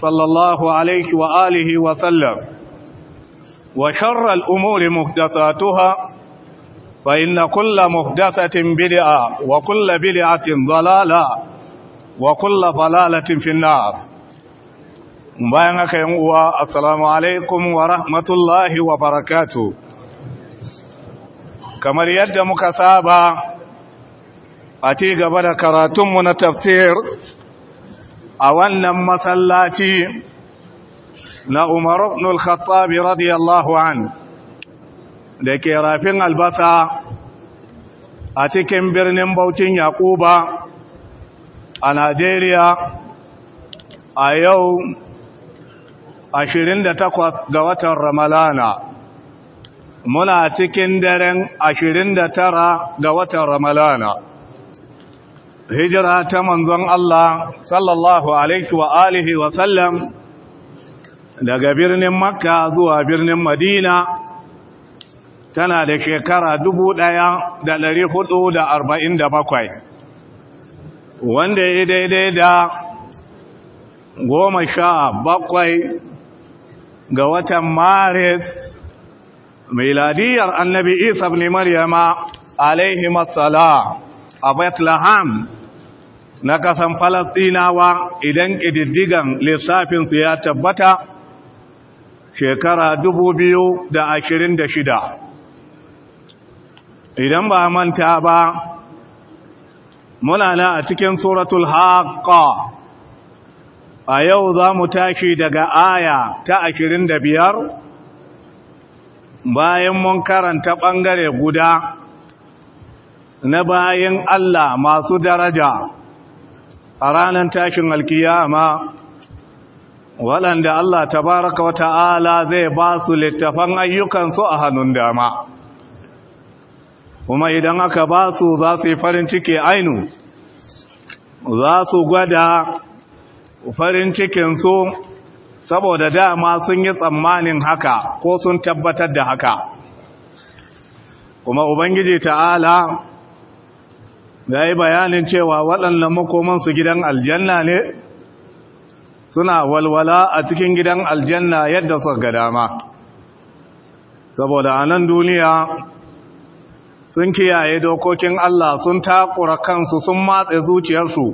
صلى الله عليه وآله وسلم وشر الأمور مهدثاتها فإن كل مهدثة بدعة وكل بدعة ضلالة وكل ضلالة في النار مبارك يوم السلام عليكم ورحمة الله وبركاته kamar yadda muka saba a ci gaba da karatunmu na tafsir a wannan masallaci na umaru ibn al radiyallahu an da ke rafin albasa a cikin birnin Bautin Yakuba a Najeriya a yau 28 ga watan Ramalana muna cikin daren 29 ga watan Ramalana hijira ta manzon Allah sallallahu alaihi wa alihi wa sallam daga birnin makka zuwa birnin madina tana da shekara bakwai, wanda ya daidai da goma sha bakwai ga watan maris miladiyar annabi isa ne maryama alaihi a bethlehem na kasan falastinawa idan ƙididdigan lissafinsu ya tabbata shekara da shida. idan ba manta ba muna na a cikin suratul haqqa a yau za mu tashi daga aya ta ashirin da biyar bayan mun karanta ɓangare guda na bayan Allah masu daraja a ranar tashin alkiyama waɗanda Allah baraka wa ta'ala zai ba su littafan ayyukansu a hannun dama kuma idan aka ba su za su yi farin ciki ainu za su gwada farin cikinsu saboda dama sun yi tsammanin haka ko sun tabbatar da haka kuma ubangiji ta'ala da yi bayanin cewa waɗannan makomansu gidan aljanna ne suna walwala a cikin gidan aljanna yadda su ga dama saboda a nan duniya sun kiyaye dokokin Allah sun takura kansu sun matse zuciyarsu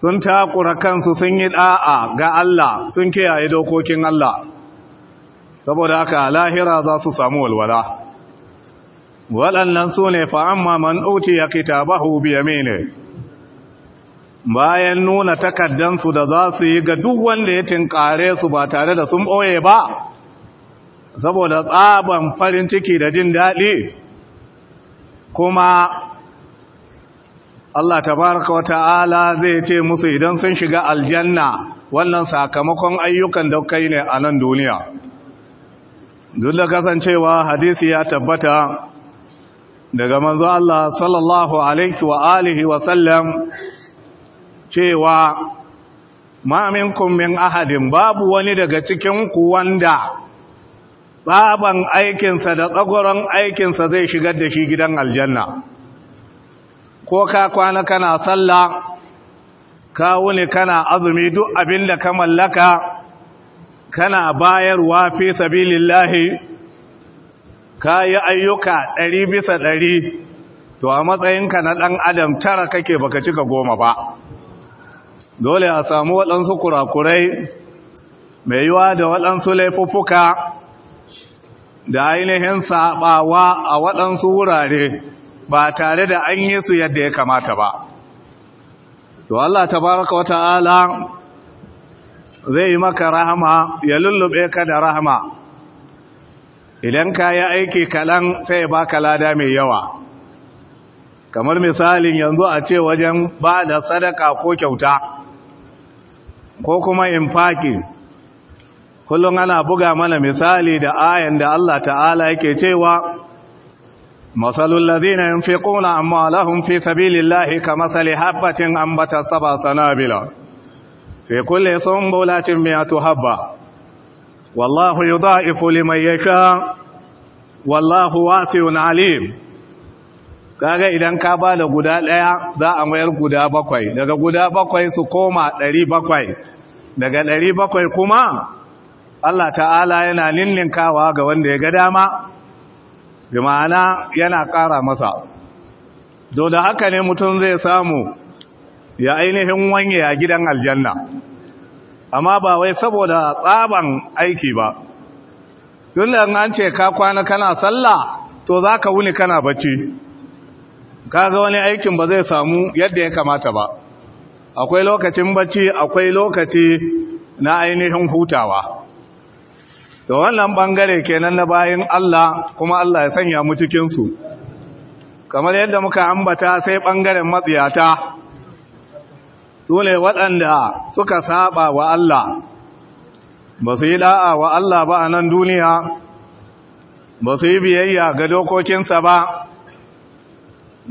sun takura kansu sun yi ɗa'a ga Allah sun kiyaye dokokin Allah saboda haka lahira za su samu walwala waɗannan su ne fa'amma man ya kitabahu biyamine bayan nuna takardansu da za su yi ga duk wanda ya tinkare su ba tare da sun ɓoye ba saboda tsaban farin ciki da jin daɗi kuma Allah tabaraka wa ta'ala zai ce musu idan sun shiga aljanna wannan sakamakon ayyukan da ne a nan duniya duk da kasancewa hadisi ya tabbata daga manzo Allah sallallahu alaihi wa alihi wa sallam cewa ma minkum min ahadin babu wani daga cikin ku wanda baban aikinsa da tsagoron aikinsa zai shigar da shi gidan aljanna ko ka kwana kana sallah ka wuni kana azumi duk abin da ka mallaka kana bayarwa fi sabilillahi ka yi ayyuka ɗari bisa ɗari to a matsayinka na ɗan adam tara kake baka cika goma ba dole a samu waɗansu kurakurai mai yiwa da waɗansu laifuffuka da ainihin saɓawa a waɗansu wurare ba tare da an yi su yadda ya kamata ba to Allah Ta baraka wata ala zai yi maka rahama ya lullube ka da rahama idan ka yi aiki kalan sai ba ka lada mai yawa kamar misalin yanzu a ce wajen ba da sadaka ko kyauta ko kuma in faƙi. kullum ana buga mana misali da ayan da Allah ta'ala yake cewa masalul ladina yunfiquna amwalahum fi sabilillahi kamathali habatin ambatat sab'a sanabila fi kulli sunbulatin mi'atu habba wallahu yudha'ifu liman yasha wallahu wasi'un alim kaga idan ka bada guda daya za a mayar guda bakwai daga guda bakwai su koma ɗari bakwai daga ɗari bakwai kuma Allah ta'ala yana ninninkawa ga wanda ya ga dama bi ma'ana yana ƙara masa do da haka ne mutum zai samu ya ainihin wanye a gidan aljanna amma ba wai saboda tsaban aiki ba tun da an ce ka kwana kana sallah to za ka wuni kana bacci ka ga wani aikin ba zai samu yadda ya kamata ba akwai lokacin bacci akwai lokaci na ainihin hutawa to wannan bangare kenan na bayan Allah kuma Allah ya sanya mu cikin su kamar yadda muka ambata sai bangaren matsiyata su waɗanda suka saba wa Allah ba su yi da'a wa Allah ba a nan duniya ba su yi biyayya ga dokokinsa ba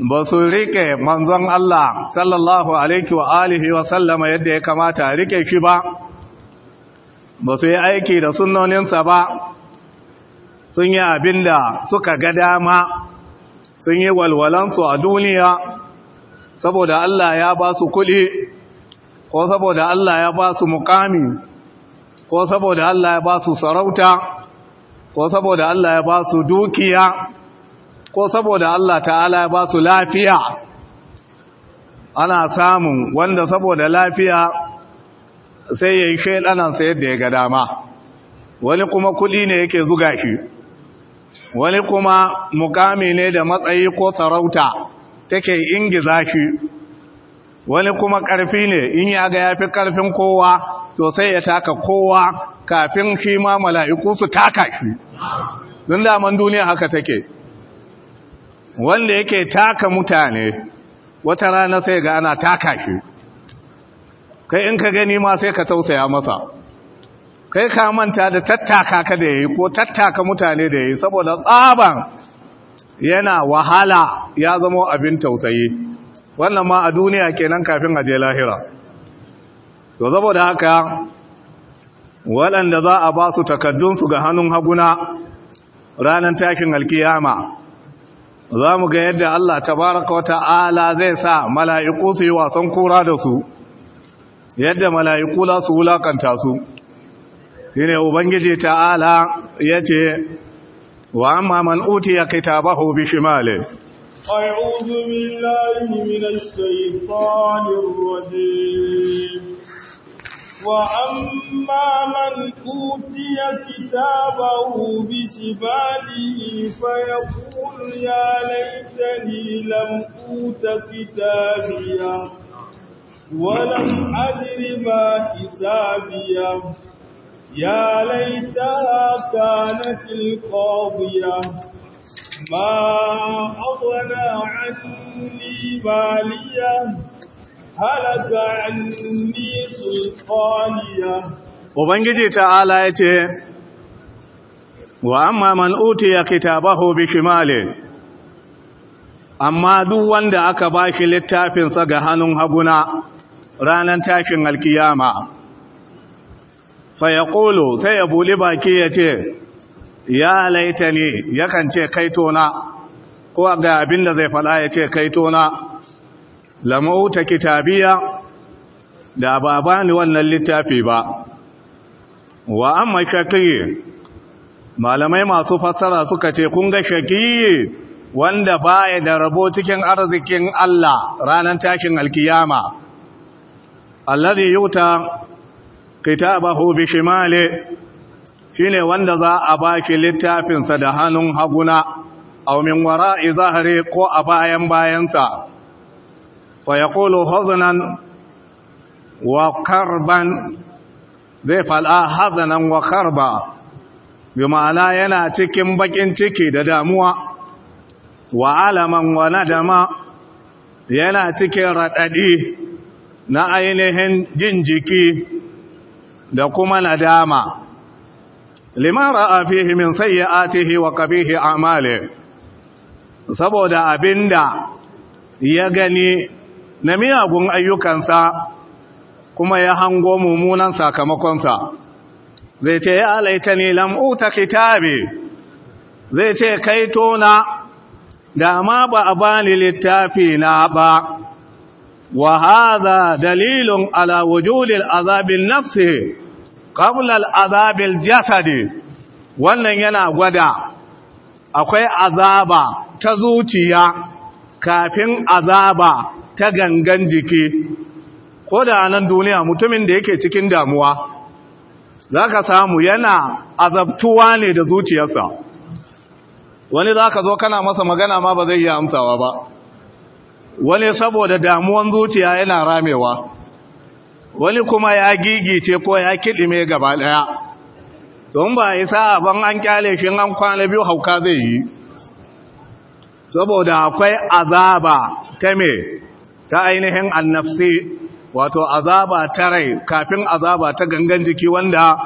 ba su rike manzon Allah sallallahu alaihi wa alihi wa sallama yadda ya kamata rike shi ba ba su yi aiki da sunnoninsa ba sun yi abin da suka ga dama sun yi walwalansu a duniya saboda Allah ya ba su kuɗi ko saboda Allah ya ba su muƙami ko saboda Allah ya ba su sarauta ko saboda Allah ya ba su dukiya ko saboda Allah ta'ala ya ba su lafiya ana samun wanda saboda lafiya sai ya yi shaidanansa yadda ya ga dama wani kuma kuɗi ne yake zuga shi wani kuma mukami ne da matsayi ko sarauta take ingiza shi wani kuma ƙarfi ne in ya ga ya fi ƙarfin kowa to sai ya taka kowa kafin shi ma mala'iku su taka shi don daman duniya haka take wanda yake taka mutane wata rana sai ga ana taka shi kai in ka gani ma sai ka tausaya masa kai ka manta da tattaka ka da ya yi ko tattaka mutane da ya yi saboda tsaban yana wahala ya zama abin tausayi wannan ma a duniya kenan kafin a je lahira to saboda haka waɗanda za a ba su takaddunsu ga hannun haguna ranar tashin alkiyama za mu ga yadda Allah tabaraka wa ta'ala zai sa mala'iku su yi wasan kura da su yadda mala'iku za su wulakanta su shi ne ubangiji ta'ala ya ce wa amma man utiya kitabahu bi shimale أعوذ بالله من الشيطان الرجيم وأما من أوتي كتابه بشماله فيقول يا ليتني لم أوت كتابيا ولم أدر ما حسابيا يا ليتها كانت القاضية ما أغنى عني مالية هلك عني سلطانية وبنجي تعالى يتي وأما من أوتي كتابه بشماله amma duk wanda aka bashi littafinsa ga hannun haguna ranar tashin alkiyama fa ya sai ya buli baki ya ce ya laita ne yakan ce kaitona ko ga abin da zai fada ya ce kaitona lamauta kitabiya da ba ba ni wannan littafi ba wa amma shakiyi malamai masu fassara suka ce kun ga shakiyi wanda baya da rabo cikin arzikin Allah ranar tashin alkiyama alladhi yuta kitabahu bi shine wanda za a baki littafinsa da hannun haguna aw min ko a bayan bayansa fa yaqulu hazanan wa karban zai fal'a hazanan wa karba bi ma'ana yana cikin bakin ciki da damuwa wa alaman wa nadama yana cikin raɗaɗi na ainihin jin jiki da kuma nadama lima ra'a fihi min sayyi'atihi wa qabihi a'mali saboda abinda ya gani na miyagun ayyukansa kuma ya hango mummunan sakamakonsa zai ce ya laitani lam uta kitabi zai ce kai tona da ma ba a bani littafi na ba wa hadha dalilun ala wujudil azabin nafsi? ƙamulal azabil jasadi wannan yana gwada akwai azaba ta zuciya kafin azaba ta gangan jiki ko da nan duniya mutumin da yake cikin damuwa za ka samu yana azabtuwa ne da zuciyarsa wani za ka zo kana masa magana ma ba zai yi amsawa ba wani saboda damuwan zuciya yana ramewa wani kuma ya gigice ko ya kiɗime gaba ɗaya tun ba a isa ban an kyale shi an kwana biyu hauka zai yi saboda akwai azaba ta me ta ainihin annafsi wato azaba ta rai kafin azaba ta gangan jiki wanda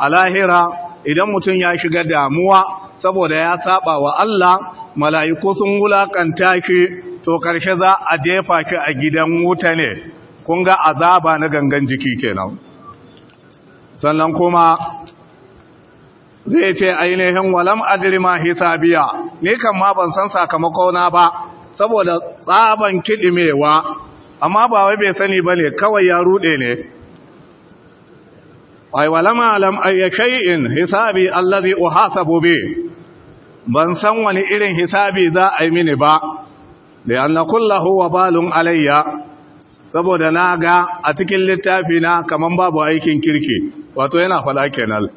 a lahira idan mutum ya shiga damuwa saboda ya saba wa Allah mala'iku sun wulaƙanta shi to karshe za a jefa shi a gidan wuta ne kun ga azaba na gangan jiki kenan sannan kuma zai ce ainihin walam adrima hisabiya ni kan ma ban san na ba saboda tsaban kidimewa amma ba wai bai sani bane kawai ya rude ne ai walam alam ay shay'in hisabi allazi uhasabu bi ban san wani irin hisabi za a yi mini ba li'anna kullahu wabalun alayya saboda na ga a cikin littafi na babu aikin kirki wato yana fada kenan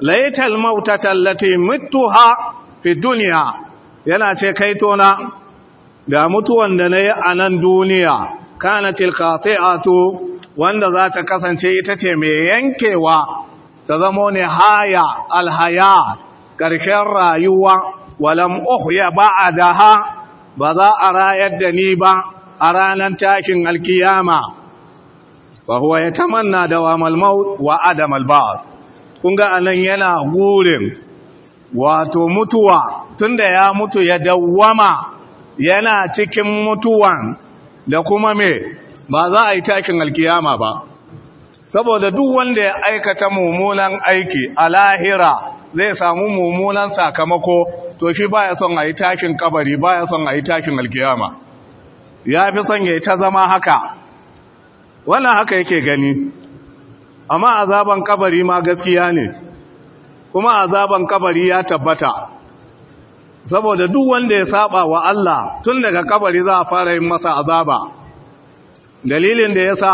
laital mautata allati mittuha fi dunya yana ce kaitona. da mutuwan da nayi a nan duniya kanatil qati'atu wanda za ta kasance ita ce mai yankewa ta zamo ne haya alhaya ƙarshen rayuwa walam uhya ba'daha ba za a rayar da ni ba a ranar tashin alkiyama ba huwa ta manna da wa malmau adam al kun ga anan yana gurin wato mutuwa tunda ya mutu ya dawwama yana cikin mutuwan da kuma me ba za a yi tashin alkiyama ba saboda duk wanda ya aikata mummunan aiki a lahira zai samu mummunan sakamako to shi baya son a yi takin kabari baya son a yi tashin alkiyama ya fi son ya ta zama haka wannan haka yake gani amma azaban kabari ma gaskiya ne kuma azaban kabari ya tabbata saboda duk wanda ya saba wa Allah tun daga kabari za a fara yin masa azaba dalilin da ya sa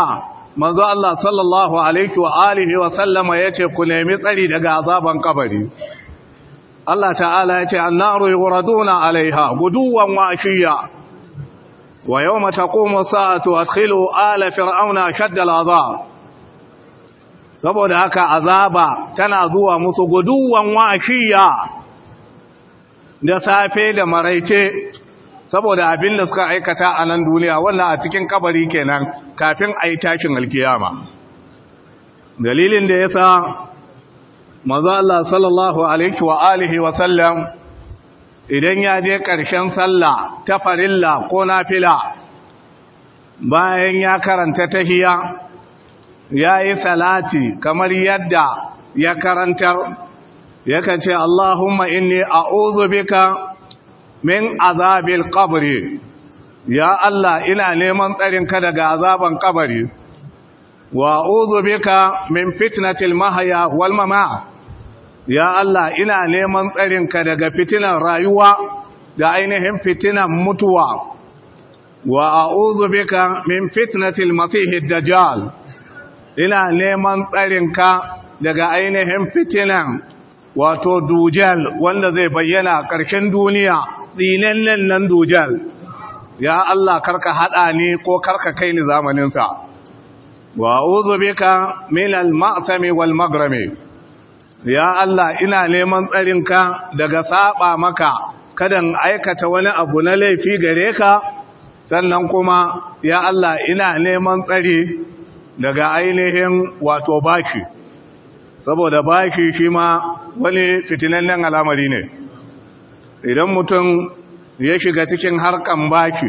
manzo Allah sallallahu alaihi wa alihi wa sallama yace ku nemi tsari daga azaban kabari Allah ta'ala yace annaru yuraduna alaiha guduwan wa ashiya ويوم تقوم الساعة أدخلوا آل فرعون شد العذاب saboda haka azaba tana zuwa musu guduwan washiya da safe da maraice saboda abin da suka aikata a nan duniya wannan a cikin kabari kenan kafin a yi tashin alkiyama dalilin da ya sa maza Allah sallallahu alaihi wa alihi wa sallam idan ya je ƙarshen sallah ta farilla ko na fila, bayan ya karanta tahiya ya yi salati kamar yadda ya karantar ya ce Allahumma inni a'udhu bika min azabil qabri ya Allah ina neman tsarin ka daga azaban kabari wa a'udhu bika min fitnatil mahya wal mamat ya Allah ina neman tsarinka daga fitinan rayuwa da ainihin fitinan mutuwa wa a'udhu bika min fitnatil masihid dajjal ina neman tsarinka daga ainihin fitinan wato dujal wanda zai bayyana ƙarshen duniya tsinannan nan dujal ya Allah karka haɗa ni ko karka kai ni zamaninsa wa a'udhu bika min al-ma'tami wal maghrami ya Allah ina neman tsarinka daga saba maka kadan aikata wani abu na laifi gare ka sannan kuma ya Allah ina neman tsari daga ainihin wato bashi saboda bashi shi ma wani fitinannen al'amari ne idan mutum ya shiga cikin harkan bashi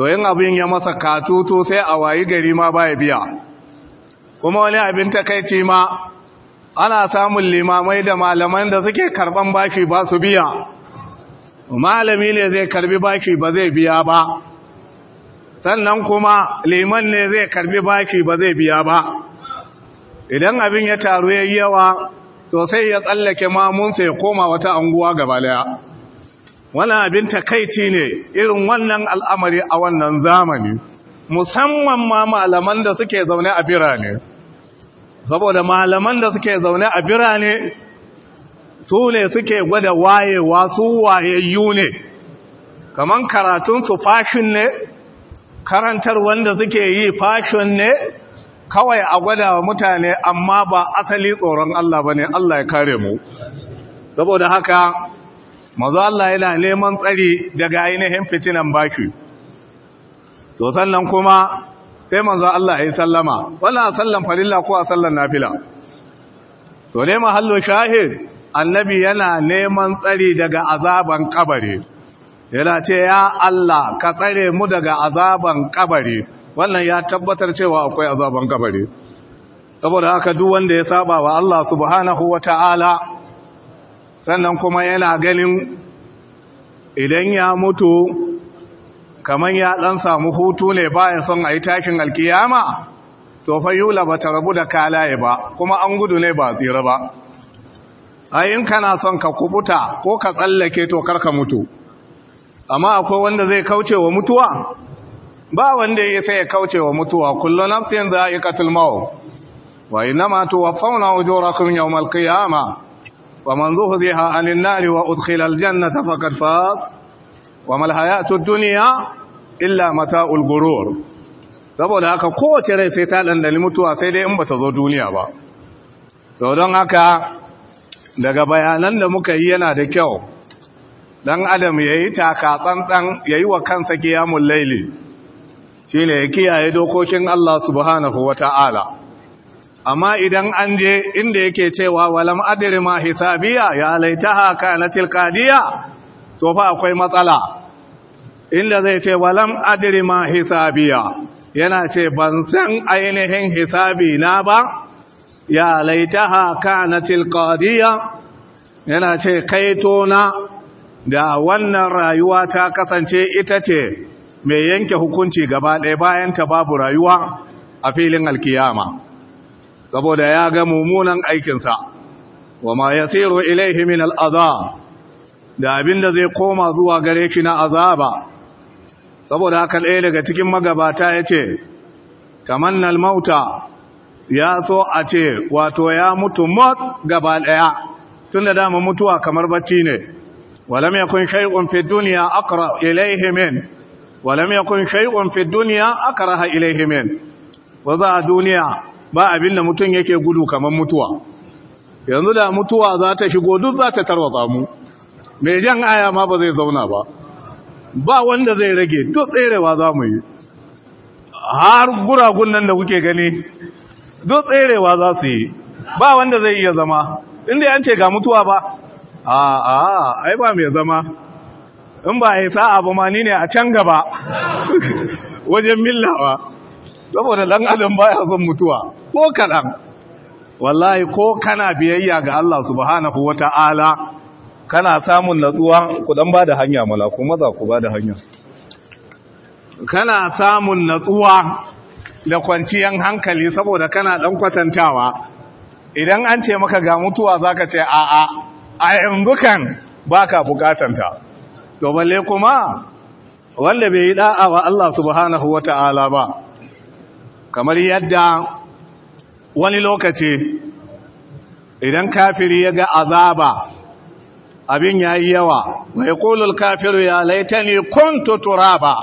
to yin abin ya masa katutu sai a wayi gari ma baya biya kuma wani abin takaici ma ana samun limamai da malaman da suke karban bashi ba su biya malami ne zai karbi bashi ba zai biya ba sannan kuma liman ne zai karbi bashi ba zai biya ba idan abin ya taru yayi yawa to sai ya tsallake mamunsa ya koma wata anguwa gaba daya wannan abin takaici ne irin wannan al'amari a wannan zamani musamman ma malaman da suke zaune a birane saboda malaman da suke zaune a birane su ne suke gwada wayewa su wayayyu ne kaman karatunsu fashin ne karantar wanda suke yi fashin ne kawai a gwada wa mutane amma ba asali tsoron Allah ba ne Allah ya kare mu saboda haka mazu Allah yana neman tsari daga ainihin fitinan bashi to sannan kuma sai manzan Allah ya yi sallama wala a sallan farilla ko a sallan nafila to ne mahallo shahid annabi yana neman tsari daga azaban kabari yana ce ya Allah ka tsare mu daga azaban kabari wannan ya tabbatar cewa akwai azaban kabari saboda haka duk wanda ya saba wa Allah subhanahu wata'ala sannan kuma yana ganin idan ya mutu kaman ya dan samu hutu ne bayan son ayi tashin alkiyama to fa yula ba ta rabu da kalaye ba kuma an gudu ne ba tsira ba ai in kana son ka kubuta ko ka tsallake to karka mutu amma akwai wanda zai kauce wa mutuwa ba wanda ya sai ya kauce wa mutuwa kullu nafsin za'iqatul maut wa inma tuwaffawna ujurakum yawmal qiyama wa man zuhziha 'anil nari wa udkhila al jannata faqad faz wa mal hayatud dunya illa mata gurur saboda haka kowace rai sai ta dandali mutuwa sai dai in ba ta zo duniya ba to don haka daga bayanan da muka yi yana da kyau ɗan adam ya yi taka tsantsan ya yi wa kansa laili, shi ne ya kiyaye dokokin Allah subhanahu wataala amma idan an je inda yake cewa walam adiri ma hisabiya ya haka na qadiya to fa akwai matsala inda zai ce walam adirima hisabiya yana ce ban san ainihin hisabi na ba ya laitaha na qadiya yana ce kaitona da wannan rayuwa ta kasance ita ce mai yanke hukunci gaba ɗaya bayan ta babu rayuwa a filin alkiyama saboda ya ga mummunan aikinsa wa ma yasiru ilaihi min al'azab da abinda zai koma zuwa gare shi na azaba saboda haka ɗaya daga cikin magabata ya ce tamannal mauta ya so a ce wato ya mutu mot gaba ɗaya tun da dama mutuwa kamar bacci ne walam yakun shay'un fi dunya aqra ilayhi min walam yakun shay'un duniya dunya ha ilayhi ba waza a duniya ba abin da mutum yake gudu kamar mutuwa yanzu da mutuwa za ta shigo duk za ta tarwatsa mu mai jan aya ma ba zai zauna ba ba wanda zai rage to tserewa za mu yi har guragun nan da kuke gani Duk tserewa za su yi ba wanda zai iya zama inda yan ce ga mutuwa ba a a ai ba mai zama in ba a yi sa'a ba ma ne a can gaba wajen millawa saboda dan adam baya son mutuwa ko kaɗan wallahi ko kana biyayya ga Allah subhanahu wata'ala kana samun natsuwa ku dan bada hanya mala ku maza ku bada hanya kana samun natsuwa da kwanciyan hankali saboda kana dan kwatantawa idan an ce maka ga mutuwa zaka ce a a a yanzu kan baka bukatanta to balle kuma wanda bai yi da'a wa Allah subhanahu wata'ala ba kamar yadda wani lokaci idan kafiri ya ga azaba abin ya yi yawa mai yaqulu kafiru ya laitani kuntu ba,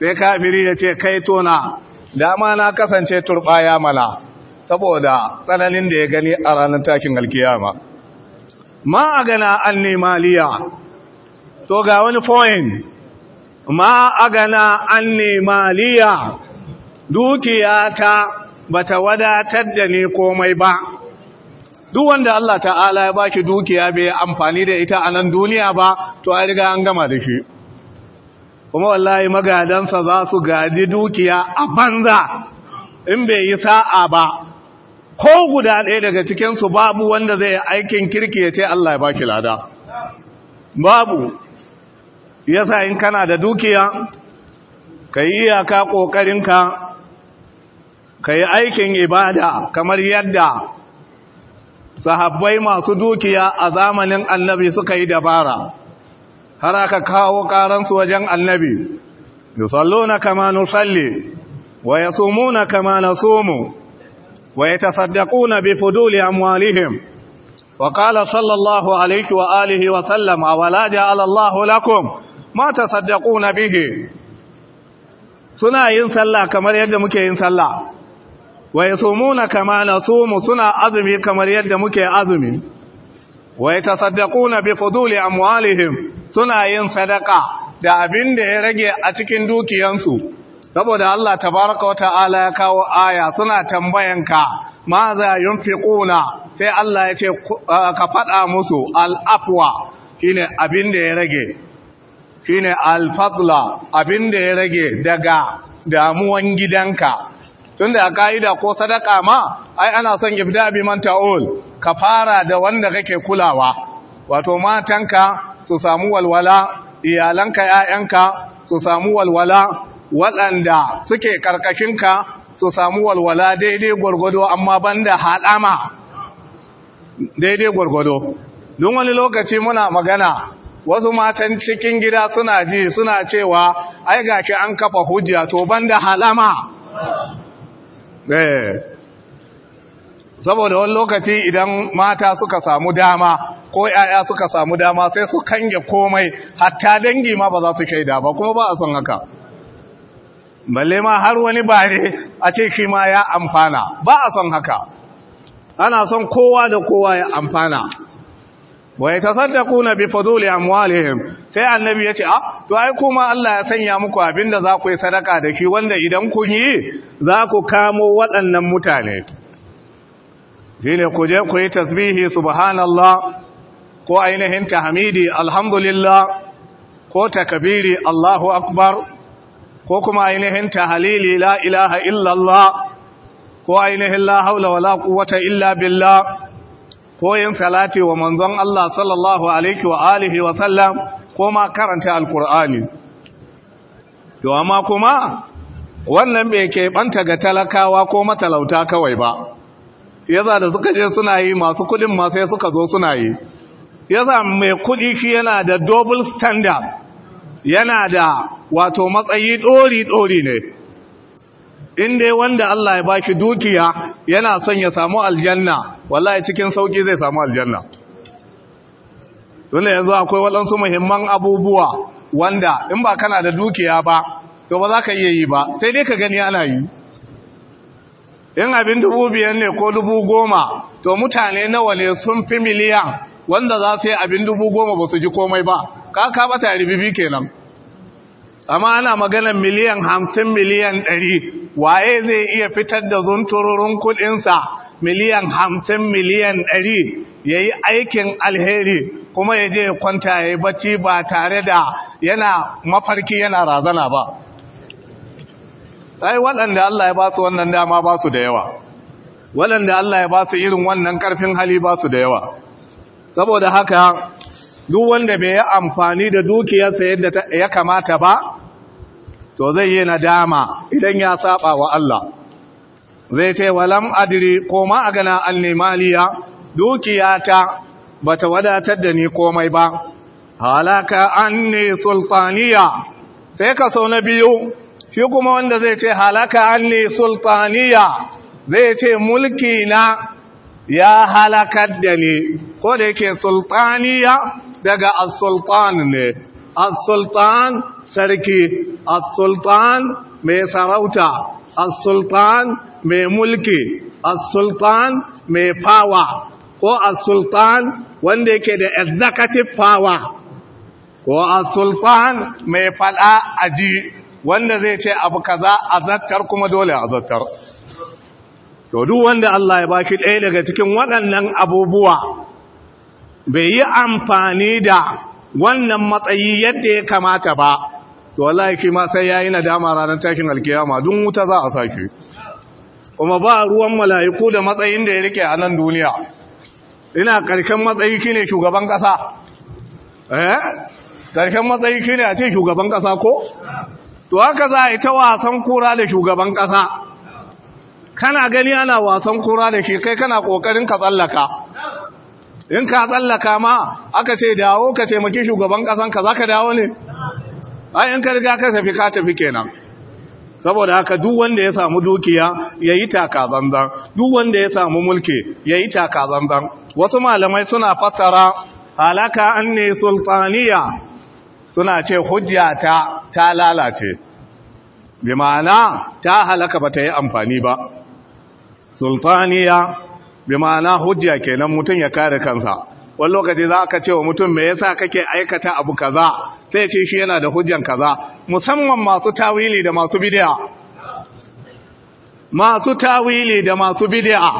sai kafiri ya ce kai tona dama na kasance ya mala saboda tsananin da ya gani a ranar takin alkiyama ma agana anni maliya to ga wani foyin ma agana anni maliya dukiyata ta wadatar da ni komai ba duk wanda Allah ta'ala ya ba shi dukiya bai amfani da ita a nan duniya ba to a riga an gama da shi kuma wallahi magadansa za su gaji dukiya a banza in bai yi sa'a ba ko guda ɗaya daga cikinsu babu wanda zai aikin kirki ya ce Allah ya bashi lada babu yasa in kana da dukiya ka yi iyaka ƙoƙarinka ka yi aikin ibada kamar yadda sahabbai masu dukiya a zamanin annabi suka yi dabara har aka kawo karansu wajen annabi yusalluna kama nusalli wa yasumuna kama nasumu wa yatasaddaquna bi fuduli amwalihim wa qala sallallahu alayhi wa alihi wa sallam awala ja'ala Allahu lakum ma tasaddaquna bihi suna yin sallah kamar yadda muke yin sallah wa yasumuna kama nasumu suna azumi kamar yadda muke azumi wa na bi fuduli amwalihim suna yin sadaka da abin da ya rage a cikin dukiyansu saboda Allah tabaraka wa ta'ala ya kawo aya suna tambayanka ma za yunfiquna sai Allah ya ce ka faɗa musu al-afwa shine abin da ya rage shine al-fadla abin da ya rage daga damuwan gidanka tunda a ka'ida ko sadaka ma ai ana son ibda bi man ta'ul ka fara da wanda kake kulawa wato matanka su samu walwala iyalanka ƴaƴanka su samu walwala waɗanda suke karkashinka su samu walwala daidai gwargwado amma banda haɗama daidai gurgudo don wani lokaci muna magana wasu matan cikin gida suna ji suna cewa ai gashi an kafa hujja to banda halama Eh. saboda wani lokaci idan mata suka samu dama ko ‘ya'ya suka samu dama sai su kange komai hatta dangi ma ba za su shaida ba kuma ba a son haka balle ma har wani bare a ce shi ma ya amfana ba a son haka ana son kowa da kowa ya amfana wa yatasaddaquna bi fuduli amwalihim sai annabi yace ah to ai kuma Allah ya sanya muku abinda za ku yi sadaka da shi wanda idan kun yi za ku kamo waɗannan mutane shine ku je ku yi tasbihi subhanallah ko ainihin tahmidi alhamdulillah ko takabiri Allahu akbar ko kuma ainihin tahalili la ilaha illallah ko ainihin la haula wala quwwata illa billah ko yin salati wa manzon Allah sallallahu alaihi wa alihi wa sallam ko ma karanta alkur'ani to amma kuma wannan bai ke banta ga talakawa ko matalauta kawai ba yaza da suka je suna yi masu kudin ma sai suka zo suna yi yaza mai kudi shi yana da double standard yana da wato matsayi dori dori ne in dai wanda Allah ya bashi dukiya yana son ya samu aljanna wallahi cikin sauki zai samu aljanna dole yanzu akwai wadansu muhimman abubuwa wanda in ba kana da dukiya ba to ba za ka iya yi ba sai dai ka gani ana yi in abin dubu biyan ne ko dubu goma to mutane nawa ne sun fi miliyan wanda za su yi abin dubu goma ba su ji komai ba ka ka bata ribibi kenan amma ana maganar miliyan hamsin miliyan ɗari waye zai iya fitar da zunturorin kudinsa miliyan hamsin miliyan ɗari ya yi aikin alheri kuma ya je kwanta ya yi bacci ba tare da yana mafarki yana razana ba Sai waɗanda Allah ya ba su wannan dama ba su da yawa waɗanda Allah ya ba su irin wannan ƙarfin hali ba su da yawa saboda haka duk wanda bai yi amfani da dukiyarsa yadda ya kamata ba to zai yi nadama idan ya saba wa Allah zai ce walam adri ko ma gana annimaliya dukiyata bata wadatar da ni komai ba halaka anni sultaniya sai ka so na biyu shi kuma wanda zai ce halaka anni sultaniya zai ce mulki na ya halakar da ni ko da yake sultaniya daga as-sultan ne as-sultan sarki as-sultan mai sarauta as-sultan mai mulki as-sultan mai fawa ko as-sultan wanda yake da executive power ko as-sultan mai fada aji wanda zai ce abu kaza azattar kuma dole azattar to duk wanda Allah ya baki ɗaya daga cikin waɗannan abubuwa bai yi amfani da wannan matsayi yadda ya kamata ba to wallahi shi ma sai yayi nadama ranar takin alkiyama dun wuta za a sake. kuma ba ruwan mala'iku da matsayin da ya rike a nan duniya ina karkan matsayi shine shugaban kasa eh karkan matsayi shine a ce shugaban kasa ko to haka za a yi ta wasan kura da shugaban kasa kana gani ana wasan kura da shi kai kana kokarin ka tsallaka in ka tsallaka ma aka ce dawo ka taimaki shugaban kasan ka zaka dawo ne ai in ka riga ka tafi ka tafi kenan saboda haka duk wanda ya samu dukiya yayi taka zanzan duk wanda ya samu mulki yayi taka zanzan wasu malamai suna fassara halaka anni sultaniya suna ce hujja ta ta lalace bi ma'ana ta halaka ba ta yi amfani ba sultaniya bi ma'ana hujja kenan mutum ya kare kansa wani lokaci za ka ce wa mutum me yasa kake aikata abu kaza sai ce shi yana da hujjan kaza musamman masu tawili da masu bidiya masu tawili da masu bidiya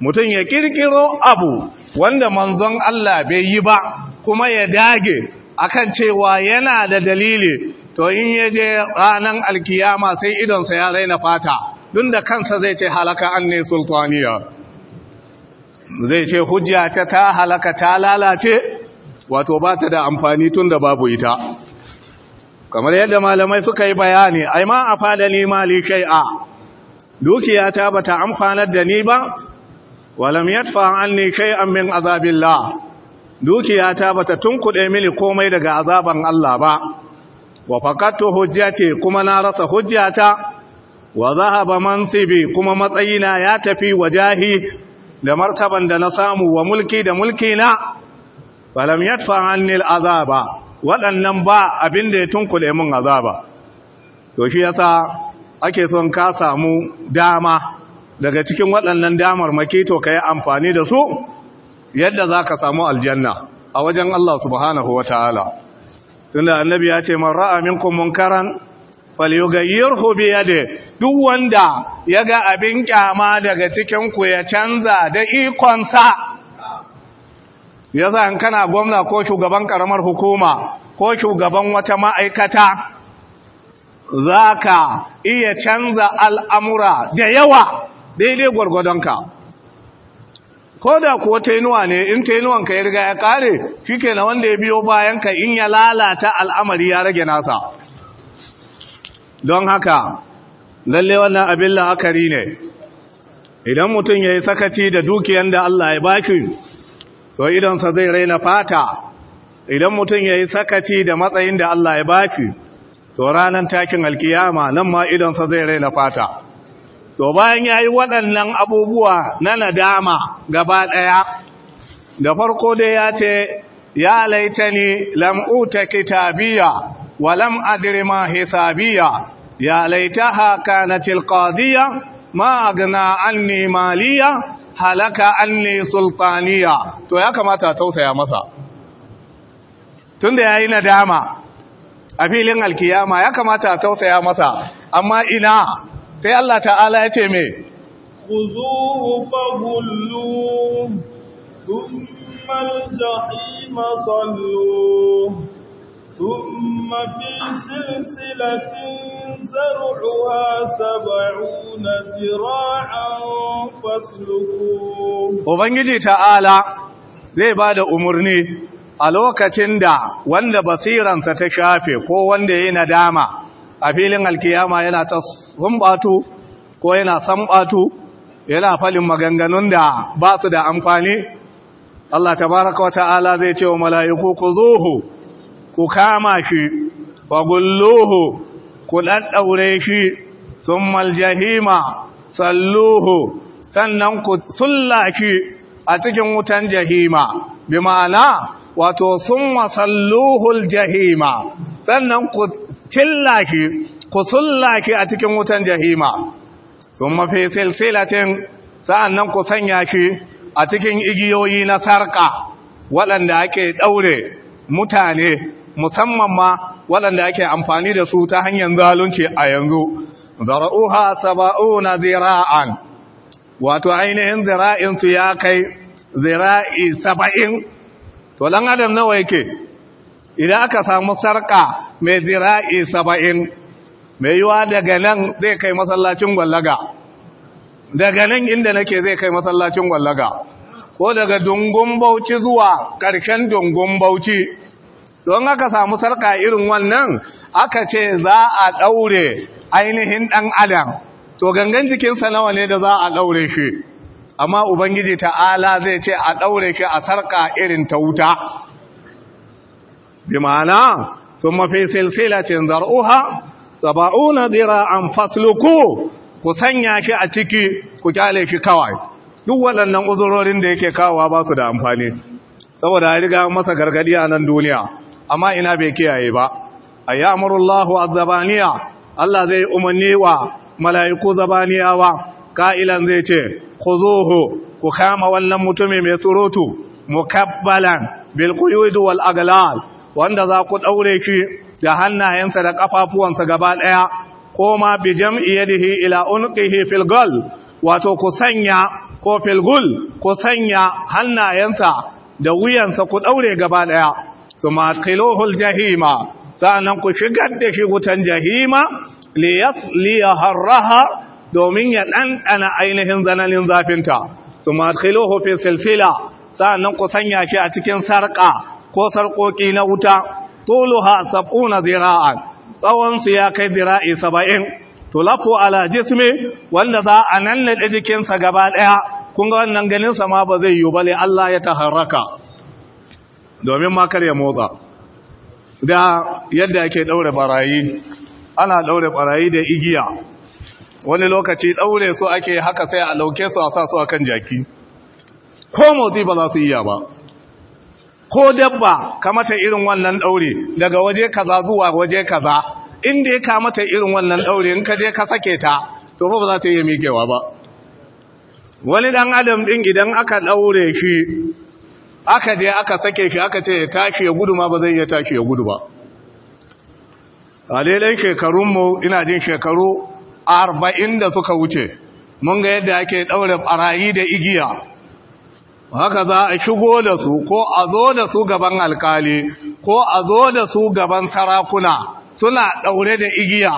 mutum ya kirkiro abu wanda manzon Allah bai yi ba kuma ya dage akan cewa yana da dalili to in ya je ranar alkiyama sai idonsa ya raina fata dun da kansa zai ce halaka an ne sultaniya zai ce hujjata ta halaka ta lalace wato ba ta da amfani tun da babu ita kamar yadda malamai suka yi bayani ai ma a fada ni mali shai'a dukiya ta bata amfanar da ni ba walam yadfa anni an min azabillah dukiya ta bata tunkuɗe mini komai daga azaban Allah ba wa faqatu hujjati kuma na rasa hujjata wa zahaba mansibi kuma matsayina ya tafi wajahi da martaban da na samu wa mulki da mulki na falam yadfa anni azaba waɗannan ba abin da ya tunkule mun azaba to shi yasa ake son ka samu dama daga cikin waɗannan damar maki to kai amfani da su yadda zaka samu aljanna a wajen Allah subhanahu wataala tunda annabi ya ce man ra'a minkum munkaran falyughayyirhu bi yadi duk wanda yaga abin kyama daga cikin ku ya canza da ikon sa yasa an kana gwamna ko shugaban karamar hukuma ko shugaban wata ma'aikata zaka iya canza al'amura da yawa daidai gwargwadonka ko da kuwa tainuwa ne in ka ya riga ya kare shi na wanda ya biyo bayan ka in ya lalata al'amari ya rage nasa don haka lalle wannan abin la'akari ne idan mutum ya yi sakaci da dukiyan da Allah ya baki, to idonsa zai raina fata idan mutum ya yi sakaci da matsayin da Allah ya baki, to ranar takin alkiyama nan ma idonsa zai raina fata to bayan ya yi waɗannan abubuwa na nadama gaba ɗaya da farko dai ya ce ya laitani lam'uta kitabiya ولم أدر ما حسابيا يا ليتها كانت القاضية ما أغنى عني ماليا هلك عني سلطانيا تو يا كما تتوسع يا مسا tunda yayi nadama a filin alkiyama ya kamata a tausaya masa amma ina sai Allah ta'ala ya ce me khuzuhu faghullu thumma al-jahima sallu ثم في سلسلة زرعها سبعون زراعا فاسلكوه وبنجي تعالى zai ba da umarni a lokacin da wanda basiransa ta shafe ko wanda ya yi nadama a filin alkiyama yana ta sumbatu ko yana sambatu yana falin maganganun da ba su da amfani Allah tabaraka wa ta'ala zai ce wa mala'iku ku zuhu ku kama shi gulluhu ku ɗaɗɗaure shi sun maljahima salluhu sannan ku sulla shi a cikin wutan jahima bi ma'ana wato sun masalluhul jahima sannan ku tilla shi ku sulla shi a cikin wutan jahima sun mafi silsilatin sa'annan ku sanya shi a cikin igiyoyi na sarƙa waɗanda ake ɗaure mutane musamman ma waɗanda ake amfani da su ta hanyar zalunci a yanzu zara'uha na zira'an wato ainihin zira'in su ya kai zira'i saba'in to lan adam nawa yake idan aka samu sarka mai zira'i saba'in mai yiwa daga nan zai kai masallacin gwallaga daga nan inda nake zai kai masallacin gwallaga ko daga dungun bauchi zuwa ƙarshen dungun bauchi don aka samu sarka irin wannan aka ce za a daure ainihin dan adam to gangan jikinsa nawa ne da za a daure shi amma ubangiji ta'ala zai ce a daure shi a sarka irin ta wuta bi ma'ana sun fi silsilatin zar'uha sab'una an fasluku ku sanya shi a ciki ku kyale shi kawai duk waɗannan uzurorin da yake kawowa ba su da amfani saboda ya riga masa gargadi a nan duniya amma ina bai kiyaye ba ayyamurullahu azabaniya Allah zai umarni wa mala'iku wa. ka'ilan zai ce ku khuzuhu ku kama wannan mutumi mai surutu mukabbalan bil quyud wal aglal wanda za ku ɗaure shi da hannayensa da ƙafafuwansa gaba ɗaya, ko ma bi jam'i yadihi ila unqihi fil wato ku sanya ko filgul ku sanya hannayensa da wuyansa ku ɗaure gaba ɗaya. thumma adkhiluhu jahima sa'annan ku shigar da shi wutan jahima harraha domin ya ɗanɗana ainihin zananin zafinta su matkiluhu fi silsila sa'annan ku sanya shi a cikin sarƙa ko sarƙoƙi na wuta tuluha sab'una zira'an tsawon su ya kai zira'i saba'in tulafu ala jismi wanda za a nannaɗe jikinsa gaba ɗaya kun ga wannan ganinsa ma ba zai yi bale Allah ya taharraka domin makar ya motsa da yadda ake daure barayi ana daure barayi da igiya wani lokaci daure su ake haka sai a lauke su a sa su akan jaki ko motsi ba za su iya ba ko dabba kamata irin wannan daure daga waje kaza zuwa waje kaza inda ya kamata irin wannan daure in ka je ka sake ta to ba za ta iya miƙewa ba wani dan adam din idan aka daure shi aka je aka sake shi aka ce ya tashi ya gudu ma ba zai iya tashi ya gudu ba a shekarun shekarunmu ina jin shekaru arba'in da suka wuce mun ga yadda ake ɗaure ɓarayi da igiya haka za a shigo da su ko a zo da su gaban alkali ko a zo da su gaban sarakuna suna ɗaure da igiya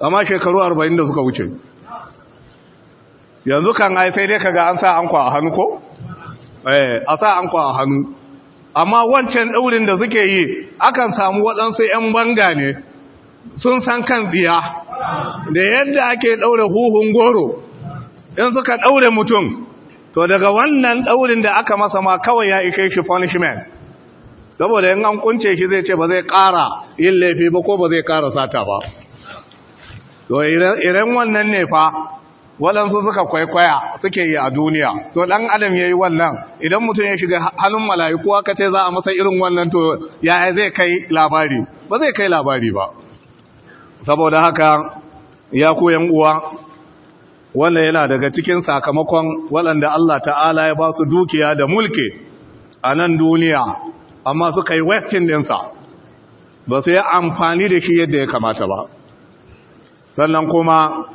amma shekaru arba'in da suka wuce yanzu kan ai sai dai kaga an sa an kwa a hannu ko Eh, a sa an kwa hannu amma wancan ɗaurin da suke yi akan samu waɗansu 'yan banga ne sun san kan tsiya da yadda ake ɗaure huhun goro in suka ɗaure mutum to daga wannan ɗaurin da aka masa ma kawai ya ishe shi punishment saboda yin an kunce shi zai ce ba zai ƙara yin laifi ba ko ba zai ƙara sata ba to iren wannan ne fa waɗansu suka kwaikwaya suke yi a duniya to ɗan adam ya yi wannan idan mutum ya shiga hannun mala'iku aka ce za a masa irin wannan to yaya zai kai labari ba zai kai labari ba saboda haka ya koyan uwa wanda yana daga cikin sakamakon waɗanda Allah ta'ala ya ba su dukiya da mulki a nan duniya amma suka yi westin ɗinsa ba su yi amfani da shi yadda ya kamata ba sannan kuma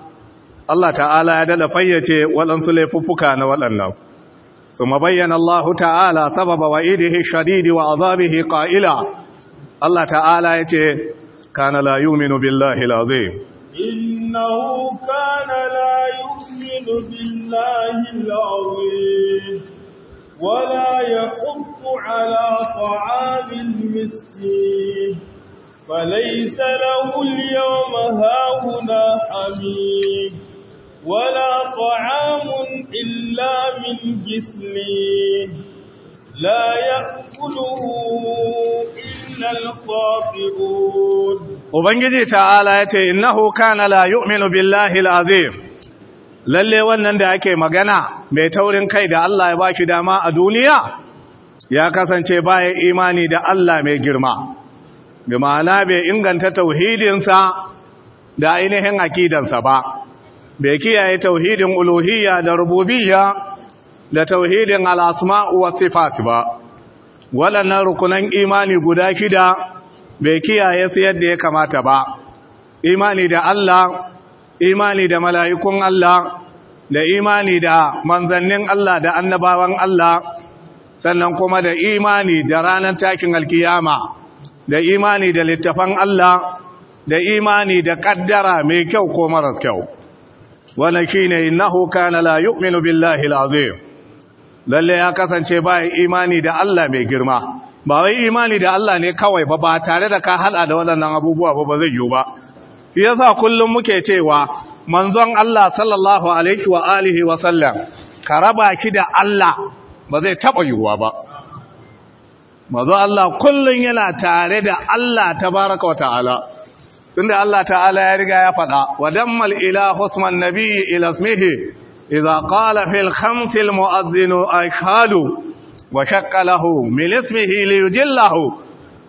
Allah ta'ala ya dada fayyace waɗansu laifuffuka na waɗannan su mabayyana Allah ta'ala sababa wa idihi shadidi wa azabihi ƙa'ila Allah ta'ala ya ce kana la yi yuminu billahi lazim innahu kana la yuminu billahi lazim ولا يحض على طعام المسكين فليس له اليوم هاهنا حميم ولا طعام إلا من جسلين لا يأكله إلا الخاطئون Ubangiji ta'ala يتي إنه كان kana يؤمن بالله billahi lalle wannan da ake magana mai taurin kai da Allah ya ba dama a duniya, ya kasance bayan imani da Allah mai girma, bi ma'ana bai inganta tauhidinsa da ainihin akidansa ba. bai kiyaye tauhidin uluhiyya da rububiyya da tauhidin al'asma wa sifat ba waɗannan rukunan imani guda shida bai kiyaye su yadda ya kamata ba imani da Allah imani da mala'ikun Allah da imani da manzannin Allah da annabawan Allah sannan kuma da imani da ranar takin alkiyama da imani da littafan Allah da imani da ƙaddara mai kyau ko maras kyau wannan shine innahu kana la yu'minu billahi alazim lalle ya kasance ba imani da Allah mai girma ba wai imani da Allah ne kawai ba ba tare da ka hada da waɗannan abubuwa ba ba zai yiwu ba yasa kullum muke cewa manzon Allah sallallahu alaihi wa alihi wa sallam ka raba ki da Allah ba zai taba yiwuwa ba manzon Allah kullum yana tare da Allah tabaraka wa ta'ala tunda Allah ta'ala ya riga ya faɗa wa dammal ila husman nabiyyi ila ismihi idza qala fil khamsil mu'adhdhinu ashhadu wa shaqqa lahu min ismihi li yujillahu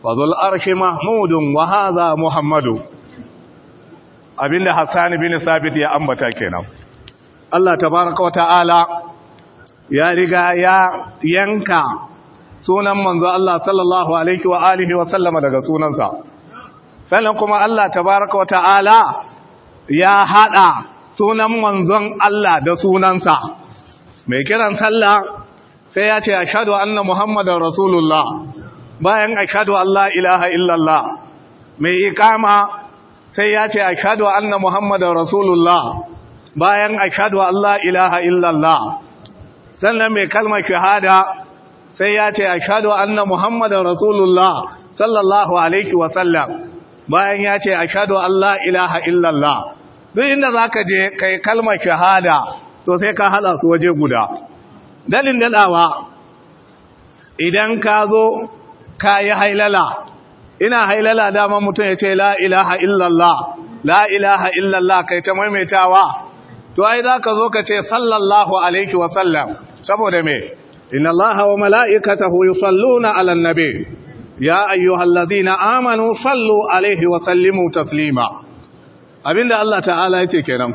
wa dhul arshi mahmudun wa hadha muhammadu abinda Hassan bin Sabit ya ambata kenan Allah tabaaraka wa ta'ala ya riga ya yanka sunan manzo Allah sallallahu alaihi wa alihi wa sallama daga sunansa sannan kuma Allah tabaraka wa ta'ala ya haɗa sunan wanzon Allah da sunansa mai kiran sallah sai ya ce ashhadu anna muhammadar rasulullah bayan ashhadu Allah ilaha illallah mai ikama sai ya ce ashhadu anna muhammadar rasulullah bayan ashhadu Allah ilaha illallah sannan mai kalmar shahada sai ya ce ashhadu anna muhammadar rasulullah sallallahu alaihi wa sallam bayan ya ce ashhadu Allah ilaha illallah duk inda ka je kai kalmar shahada to sai ka hada su waje guda dalin dalawa idan ka zo ka yi hailala ina hailala dama mutum ya ce la ilaha illallah la ilaha illallah kai ta maimaitawa to ai za ka zo ka ce sallallahu alaihi wasallam saboda me inna allaha wa mala'ikatahu yusalluna ala nabi ya ayyuhallazina amanu sallu alaihi wa sallimu taslima abinda Allah ta'ala yace kenan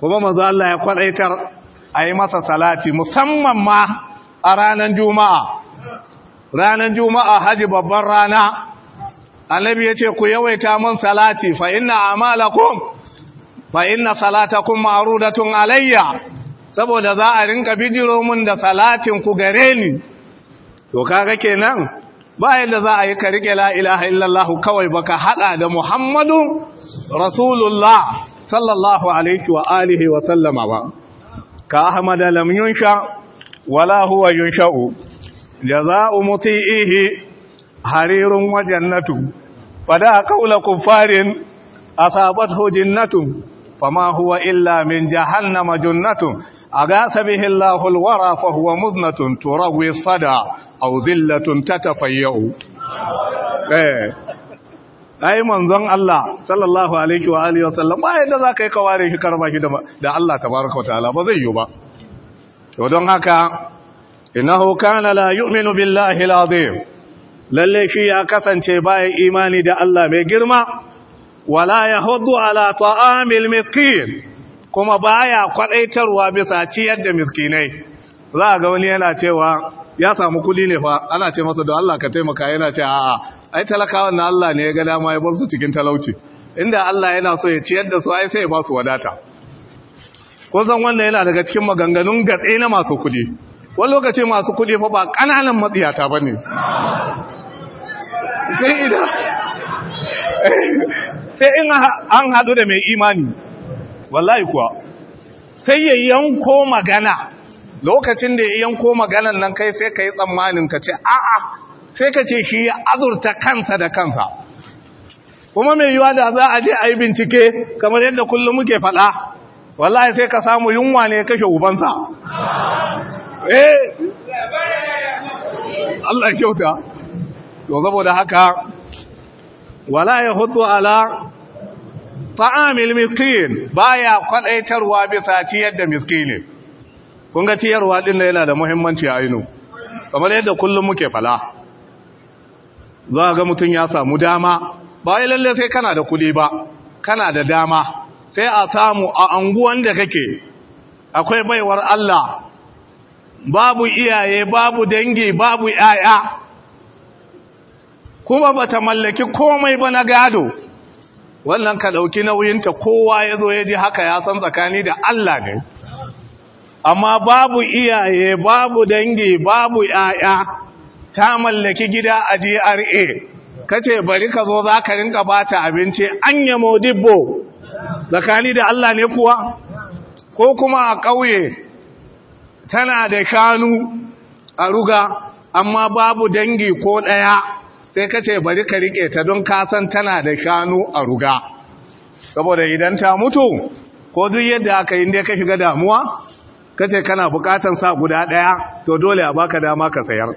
kuma manzo Allah ya kwadaitar ayi masa salati musamman ma a ranan juma'a Ranan juma'a haji babban rana annabi yace ku yawaita mun salati fa inna amalakum fa inna salatakum ma'rudatun alayya saboda za a rinka bijiro mun da salatin ku gare ni to kaga kenan bayan da za a yi ka rike la ilaha illallah kawai baka hada da muhammadu rasulullah sallallahu alaihi wa alihi wa sallama ba ka ahmad lam yunsha wala huwa yunsha'u jaza'u muti'ihi harirun wa jannatu fada qawla kuffarin asabathu jannatu fama huwa illa min jahannama jannatu aga sabihillahu alwara fa huwa muznatun turawi sada aw dhillatun tatafayyau eh ai manzon Allah sallallahu alaihi wa alihi wasallam ba yadda za ka yi shi karba shi da Allah tabaraka wataala ba zai yi ba to don haka innahu kana la yu'minu billahi alazim lalle shi ya kasance baya imani da Allah mai girma wala yahuddu ala ta'amil miskin kuma baya kwadaitarwa bisa ciyar da miskinai za ga wani yana cewa ya samu kuli ne fa ana ce masa don Allah ka taimaka yana ce a'a ai talakawan na Allah ne ya ga dama ya bar su cikin talauci inda Allah yana so ya ciyar da su ai sai ya ba su wadata ko san wannan yana daga cikin maganganun gatse na masu kudi wani lokaci masu kudi fa ba kananan matsiyata bane sai sai in an haɗu da mai imani wallahi kuwa sai ya yanko magana lokacin da iyan yanko maganan nan kai sai ka yi tsammanin ka ce a'a sai ka ce shi ya azurta kansa da kansa kuma mai yiwa da za a je a yi bincike kamar yadda kullum muke faɗa wallahi sai ka samu yunwa ne kashe ubansa eh Allah kyauta to saboda haka wala ya hudu ala ta'amil miskin baya kwadaitarwa bisa yadda da ne. kun ga ciyarwa din da yana da muhimmanci a yinu kamar yadda kullum muke fala za ga mutum ya samu dama ba yi lalle sai kana da kuɗi ba kana da dama sai a samu a anguwan da kake akwai baiwar Allah babu iyaye babu dangi babu yaya kuma ba ta mallaki komai ba na gado wannan ka dauki nauyinta kowa yazo ya ji haka ya san tsakani da Allah ne amma babu iyaye babu dangi babu yaya ta mallaki gida a DRA kace bari ka zo za ka rinka bata abinci anya modibbo zakani da Allah ne kuwa ko kuma a ƙauye tana da shanu a ruga amma babu dangi ko ɗaya sai kace bari ka rike ta don ka san tana da shanu a ruga saboda idan ta mutu ko duk yadda aka yi inda ka shiga damuwa Ka ce kana bukatan sa guda daya to dole a baka dama ka sayar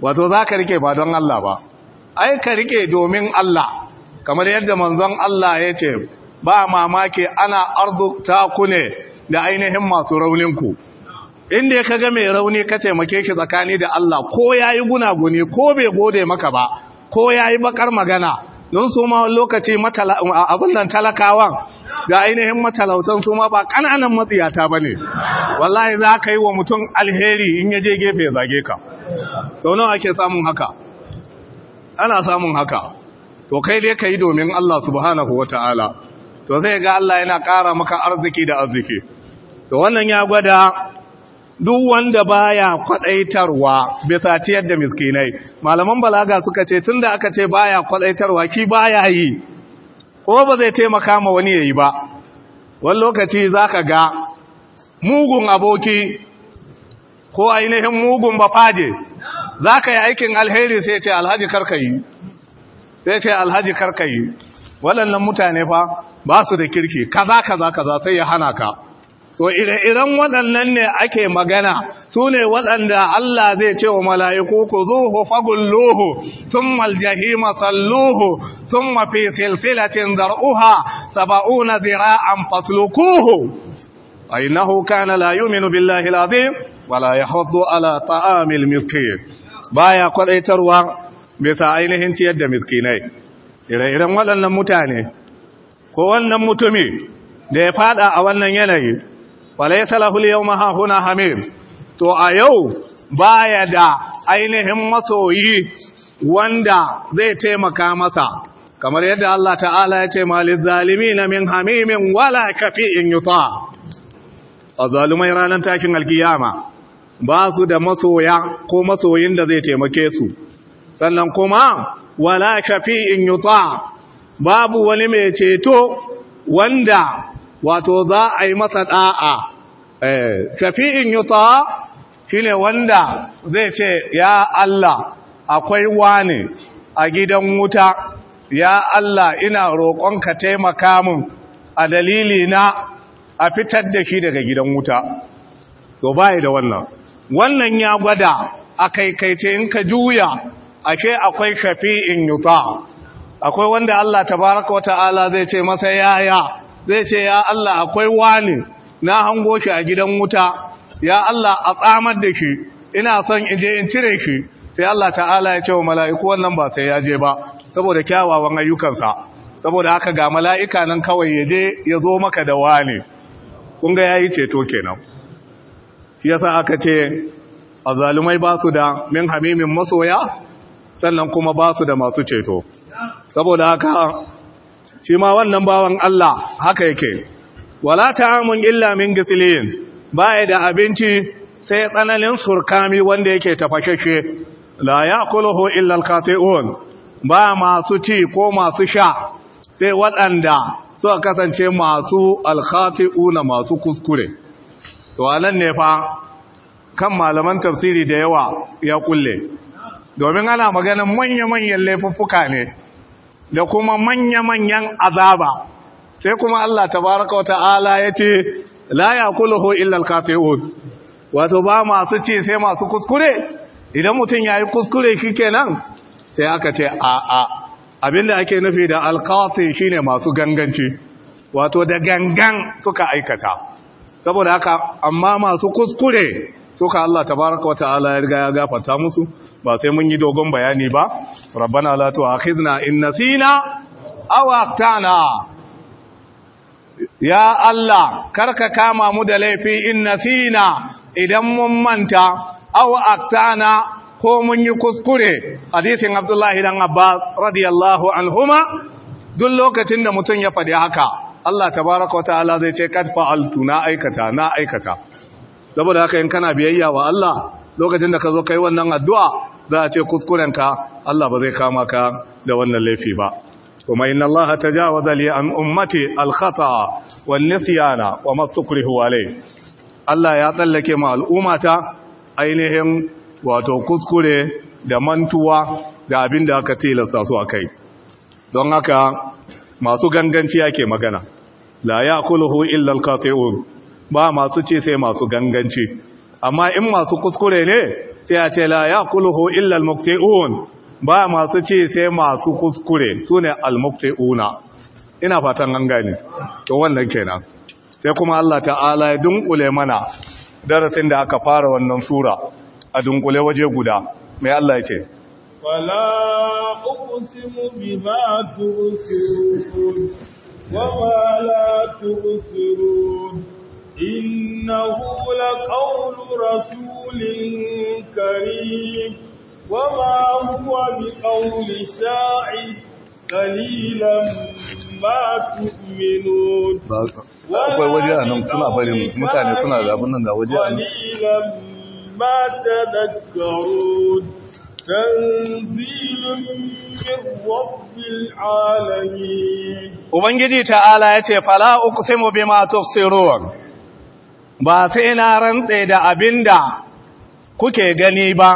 wato za ka rike ba don Allah ba ai ka rike domin Allah kamar yadda manzon Allah ya ce ba mamake ana ardu ku ne da ainihin masu raunin ku inda ka ga mai rauni ka taimake shi tsakani da Allah ko yayi gunaguni ko bai gode maka ba ko yayi bakar magana don su ma lokaci abin nan talakawan ga ainihin matalautan su ma ba ƙananan matsiyata ba ne wallahi za ka yi wa mutum alheri in ya je gefe ya zage ka sau nawa ake samun haka ana samun haka to kai dai ka yi domin Allah subhanahu wa ta'ala to zai ga Allah yana ƙara maka arziki da arziki to wannan ya gwada duk wanda baya kwadaitarwa bai ciyar da miskinai malaman balaga suka ce tunda aka ce baya kwadaitarwa ki baya yi ko ba zai taimaka ma wani yayi ba wani lokaci zaka ga mugun aboki ko ainihin mugun bafaje zaka yi aikin alheri sai ce alhaji karkayi sai ce alhaji karkayi waɗannan mutane fa ba su da kirki kaza kaza kaza sai ya hana ka to ire-iren waɗannan ne ake magana su ne waɗanda Allah zai ce wa mala'iku ku zuhu fagulluhu sun maljahi masalluhu sun mafi silsilacin zar'uha saba'una zira'an faslukuhu ainihu kana la billahi lazim wala ya hudu ala ta'amil miski. baya kwadaitarwa bisa ainihin ciyar da miskinai ire-iren waɗannan mutane ko wannan mutumi da ya fada a wannan yanayi falaysa lahu yawma hahuna hamim to a yau baya da ainihin masoyi wanda zai taimaka masa kamar yadda Allah ta'ala ya ce malin zalimi na min hamimin wala kafi in yuta a zalumai ranar tashin alkiyama ba su da masoya ko masoyin da zai taimake su sannan kuma wala kafi in yuta babu wani mai ceto wanda wato za a yi masa ɗa'a, eh, shafi'in yuta shine wanda zai ce ya Allah akwai wani a gidan wuta ya Allah ina ka taimaka min a dalili na a fitar da shi daga gidan wuta to bai da wannan wannan ya gwada a kaikaice in ka juya ashe akwai shafi'in yuta akwai wanda Allah tabaraka wa ta'ala zai ce masa yaya zai ce ya Allah akwai wani na hango shi a gidan wuta ya Allah a tsamar da shi ina son in je in cire shi sai Allah ta'ala ya ce wa mala'iku wannan ba sai ya je ba saboda kyawawan ayyukansa saboda haka ga mala'ika nan kawai ya je ya zo maka da wani kun ga yayi ceto kenan shi yasa aka ce azalumai ba su da min hamimin masoya sannan kuma ba su da masu ceto saboda haka shi ma wannan bawan Allah haka yake wala ta'amun illa min gisilin baya da abinci sai tsananin surkami wanda yake tafashashe la yaquluhu illa al-qati'un ba masu ci ko masu sha sai wadanda suka kasance masu na masu kuskure to anan ne fa kan malaman tafsiri da yawa ya kulle domin ana maganin manya-manyan laifuffuka ne da kuma manya-manyan azaba sai kuma Allah tabaraka wa ta'ala ya ce la yakuluhu illa al kafirun wato ba masu ci sai masu kuskure idan mutum yayi kuskure shikenan sai aka ce a a abinda ake nufi da al shine masu ganganci wato da gangan suka aikata saboda haka amma masu kuskure suka Allah tabaraka wa ta'ala ya riga ya gafarta musu ba sai mun yi dogon bayani ba rabbana la tu'akhidna in nasina aw aqtana ya Allah karka kama mu da laifi in nasina idan mun manta aw aqtana ko mun yi kuskure hadisin Abdullahi dan Abbas radiyallahu anhuma duk lokacin da mutum ya faɗi haka Allah tabaraka wa ta'ala zai ce kad fa'altu na aikata na aikata saboda haka in kana biyayya wa Allah lokacin da ka zo kai wannan addu'a za a ce kuskurenka Allah ba zai kama ka da wannan laifi ba kuma inna Allah wa li an ummati al-khata nisyana wa ma tukrihu Allah ya tsallake ma al'ummata ainihin wato kuskure da mantuwa da abin da aka tilasta su a kai don haka masu ganganci ake magana la ya hu, illal qati'un ba masu ci sai masu ganganci amma in masu kuskure ne sai a ce la yaquluhu illa al-muqti'un ba masu ci sai masu kuskure sune al-muqti'una ina fatan an gani to wannan kenan sai kuma Allah ta'ala ya dunkule mana darasin da aka fara wannan sura a dunkule waje guda mai Allah ya ce wala uqsimu bima tusirun wa la tusirun إنه لقول رسول كريم وما هو بقول شاعر قليلا ما تؤمنون akwai waje a nan suna farin mutane suna nan da waje a nan ما تذكرون تنزيل من رب العالمين وبنجي تعالى mu فلا أقسم بما تبصرون ba sai na rantse da abinda kuke gani ba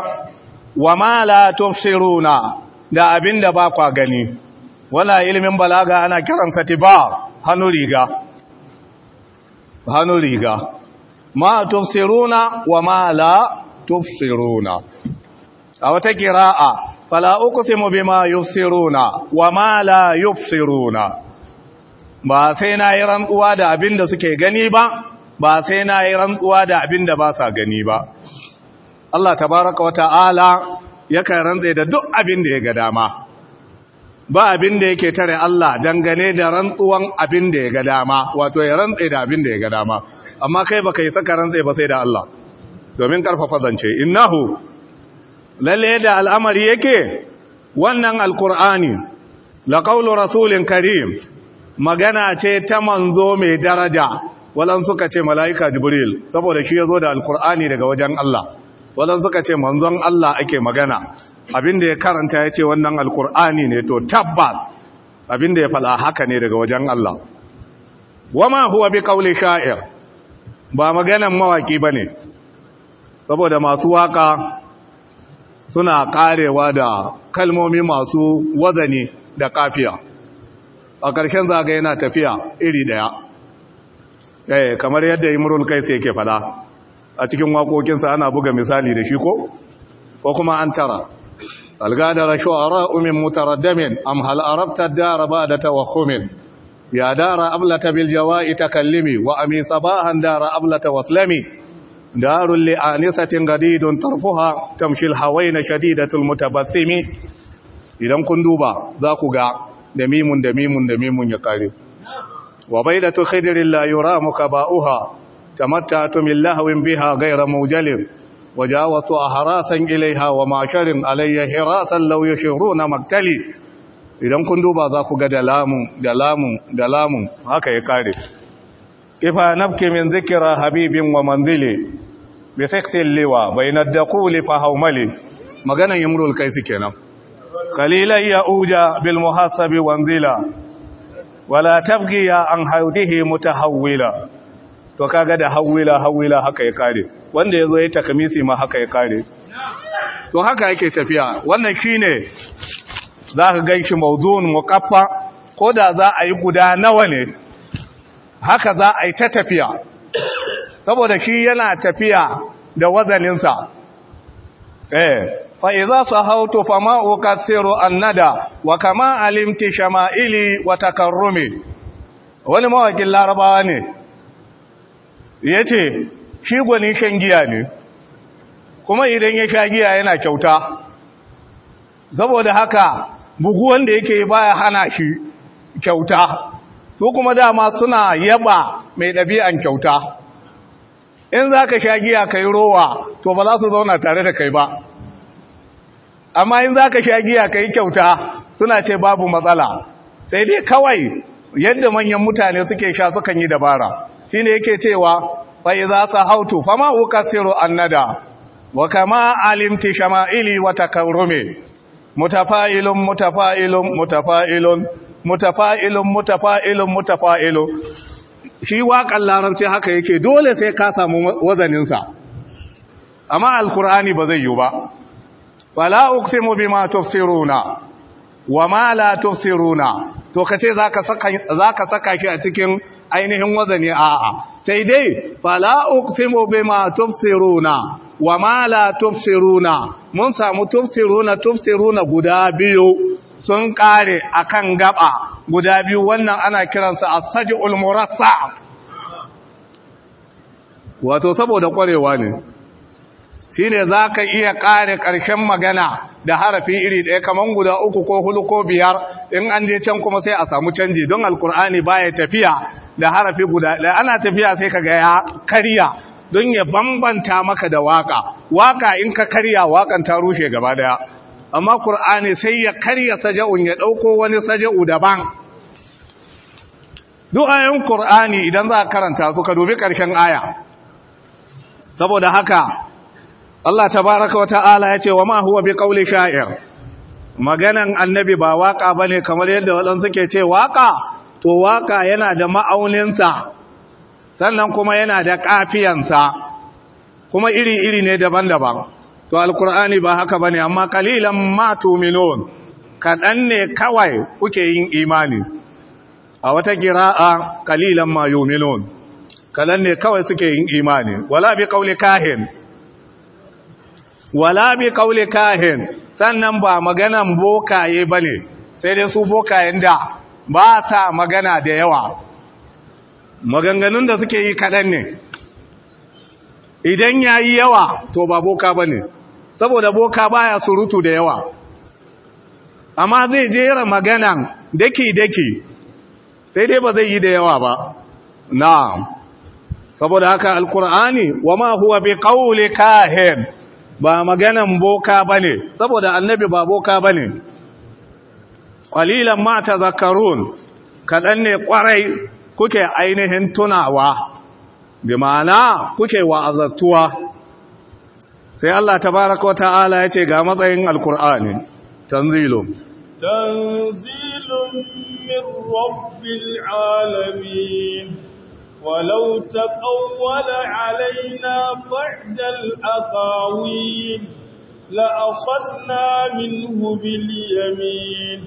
wa ma la tufsiruna da abinda ba kwa gani wala ilimin balaga ana kiransa tiba hannu riga hanu riga ma tufsiruna wa ma la tufsiruna a wata kira'a fala uqsimu bima yufsiruna wa ma la yufsiruna ba sai na yi rantsuwa da abinda suke gani ba ba sai na yi rantsuwa da abin da ba sa gani ba Allah tabaraka wata'ala yakan rantse da duk abin da ya ga dama ba abin da yake tare Allah dangane da rantsuwan abin da ya ga dama wato ya rantse da abin da ya ga dama amma kai ba kai saka rantse ba sai da Allah domin karfafa zance innahu lalle da al'amari yake wannan alqur'ani la qawlu rasulin karim magana ce ta manzo mai daraja walan suka ce mala'ika jibril saboda shi ya zo da alkur'ani daga wajen Allah walan suka ce manzon Allah ake magana abinda ya karanta ya ce wannan alkur'ani ne to Abin abinda ya fala haka ne daga wajen Allah wama huwa bi qawli sha'ir ba maganan mawaki bane saboda masu waka suna karewa da kalmomi masu wazani da kafiya a ƙarshen zagaya yana tafiya iri daya eh kamar yadda imrul sai yake fada a cikin waƙoƙinsa ana buga misali da shi ko ko kuma an tara algadara shu'ara'u min mutaraddamin am hal arabta ad-dara ba'da tawakhumin ya dara ablata bil jawa'i takallimi wa ami sabahan dara ablata waslami darul li anisatin gadidun tarfuha tamshi al-hawayna shadidatul mutabassimi idan kun duba za ku ga da mimun da mimun da mimun ya kare وبيلة خدر لا يرام كباؤها تمتعت من لهو بها غير موجل وجاوت أهراسا إليها ومعشر علي هراسا لو na maktali. idan kun duba za ku ga da lamun da lamun da lamu. haka ya kare ifa nafki min zikira habibin wa manzili bi thiqtil liwa bayna daquli maganan yamrul kenan qalilan uja wanzila wala ya an haudihi mutahawwila to kaga da hawwila hawwila haka ya kare wanda yazo ya takamisi ma haka ya kare to haka yake tafiya wannan shine za ka ganshi mawdu'un muqaffa ko da za a yi guda nawa ne haka za a yi ta tafiya saboda shi yana tafiya da wazaninsa eh fa iza sahawtu fama ukathiru annada wa kama alimti shama'ili wa takarrumi wani mawakin larabawa ne yace shi gwanin shan giya ne kuma idan ya sha giya yana kyauta saboda haka bugu wanda yake baya hana shi kyauta su kuma dama suna yaba mai ɗabi'an kyauta in za ka sha giya ka yi rowa to ba za su zauna tare da kai ba amma in za ka sha giya ka yi kyauta suna ce babu matsala sai dai kawai yadda manyan mutane suke sha sukan yi dabara shi ne yake cewa fai za su hautu fama ukasiru annada wa kama alimti shama'ili wa takarrume mutafa'ilun mutafa'ilun mutafa'ilun mutafa'ilun mutafa'ilun mutafa'ilun shi waƙan larabci haka yake dole sai ka samu wazaninsa amma alkur'ani ba zai yi ba fala uqsimu bima tufsiruna wa ma la tufsiruna to kace zaka saka zaka saka ki a cikin ainihin wazani a'a sai dai fala uqsimu bima tufsiruna wa ma la tufsiruna mun samu tufsiruna tufsiruna guda biyu sun kare akan gaba guda biyu wannan ana kiransa as-saj'ul murassa wato saboda kwarewa ne shine ka iya ƙare ƙarshen magana da harafi iri ɗaya kamar guda uku ko hulu ko biyar in an je can kuma sai a samu canji don alkur'ani baya tafiya da harafi guda ɗaya ana tafiya sai ka ya karya don ya bambanta maka da waka waka in ka karya wakan ta rushe gaba daya amma kur'ani sai ya karya saja'un ya ɗauko wani saja'u daban du'ayen ƙur'ani idan za a karanta su ka dubi ƙarshen aya saboda haka Allah tabaraka wa ta'ala ya ce wa ma huwa bi qawli sha'ir maganan annabi ba waka bane kamar yadda wadan suke ce waka to waka yana da ma'auninsa sannan kuma yana da sa. kuma iri-iri ne daban-daban to alkur'ani ba haka bane amma qalilan ma tu'minun kadan ne kawai kuke yin imani a wata qira'a qalilan ma yu'minun kadan ne kawai suke yin imani wala bi qawli kahin wala bi kauli kahin sannan ba maganan bokaye bane sai dai su bokayen da ba ta magana da yawa maganganun da suke yi kaɗan ne idan ya yi yawa to ba boka ba ne saboda boka baya surutu da yawa amma zai jera maganan daki-daki sai dai ba zai yi da yawa ba na saboda haka alkur'ani wa ma huwa bi qawli kahin ba maganan boka bane saboda annabi ba boka bane ƙalilan mata zakarun kaɗan ne kwarai kuke ainihin tunawa bi ma'ana kuke wa'azatuwa sai Allah tabaaraka wa ta'ala ya ce ga matsayin alqur'ani tanzilu tanzilun min rabbi al’alamin. ولو تقول علينا بعد الأقاويل لأخذنا منه باليمين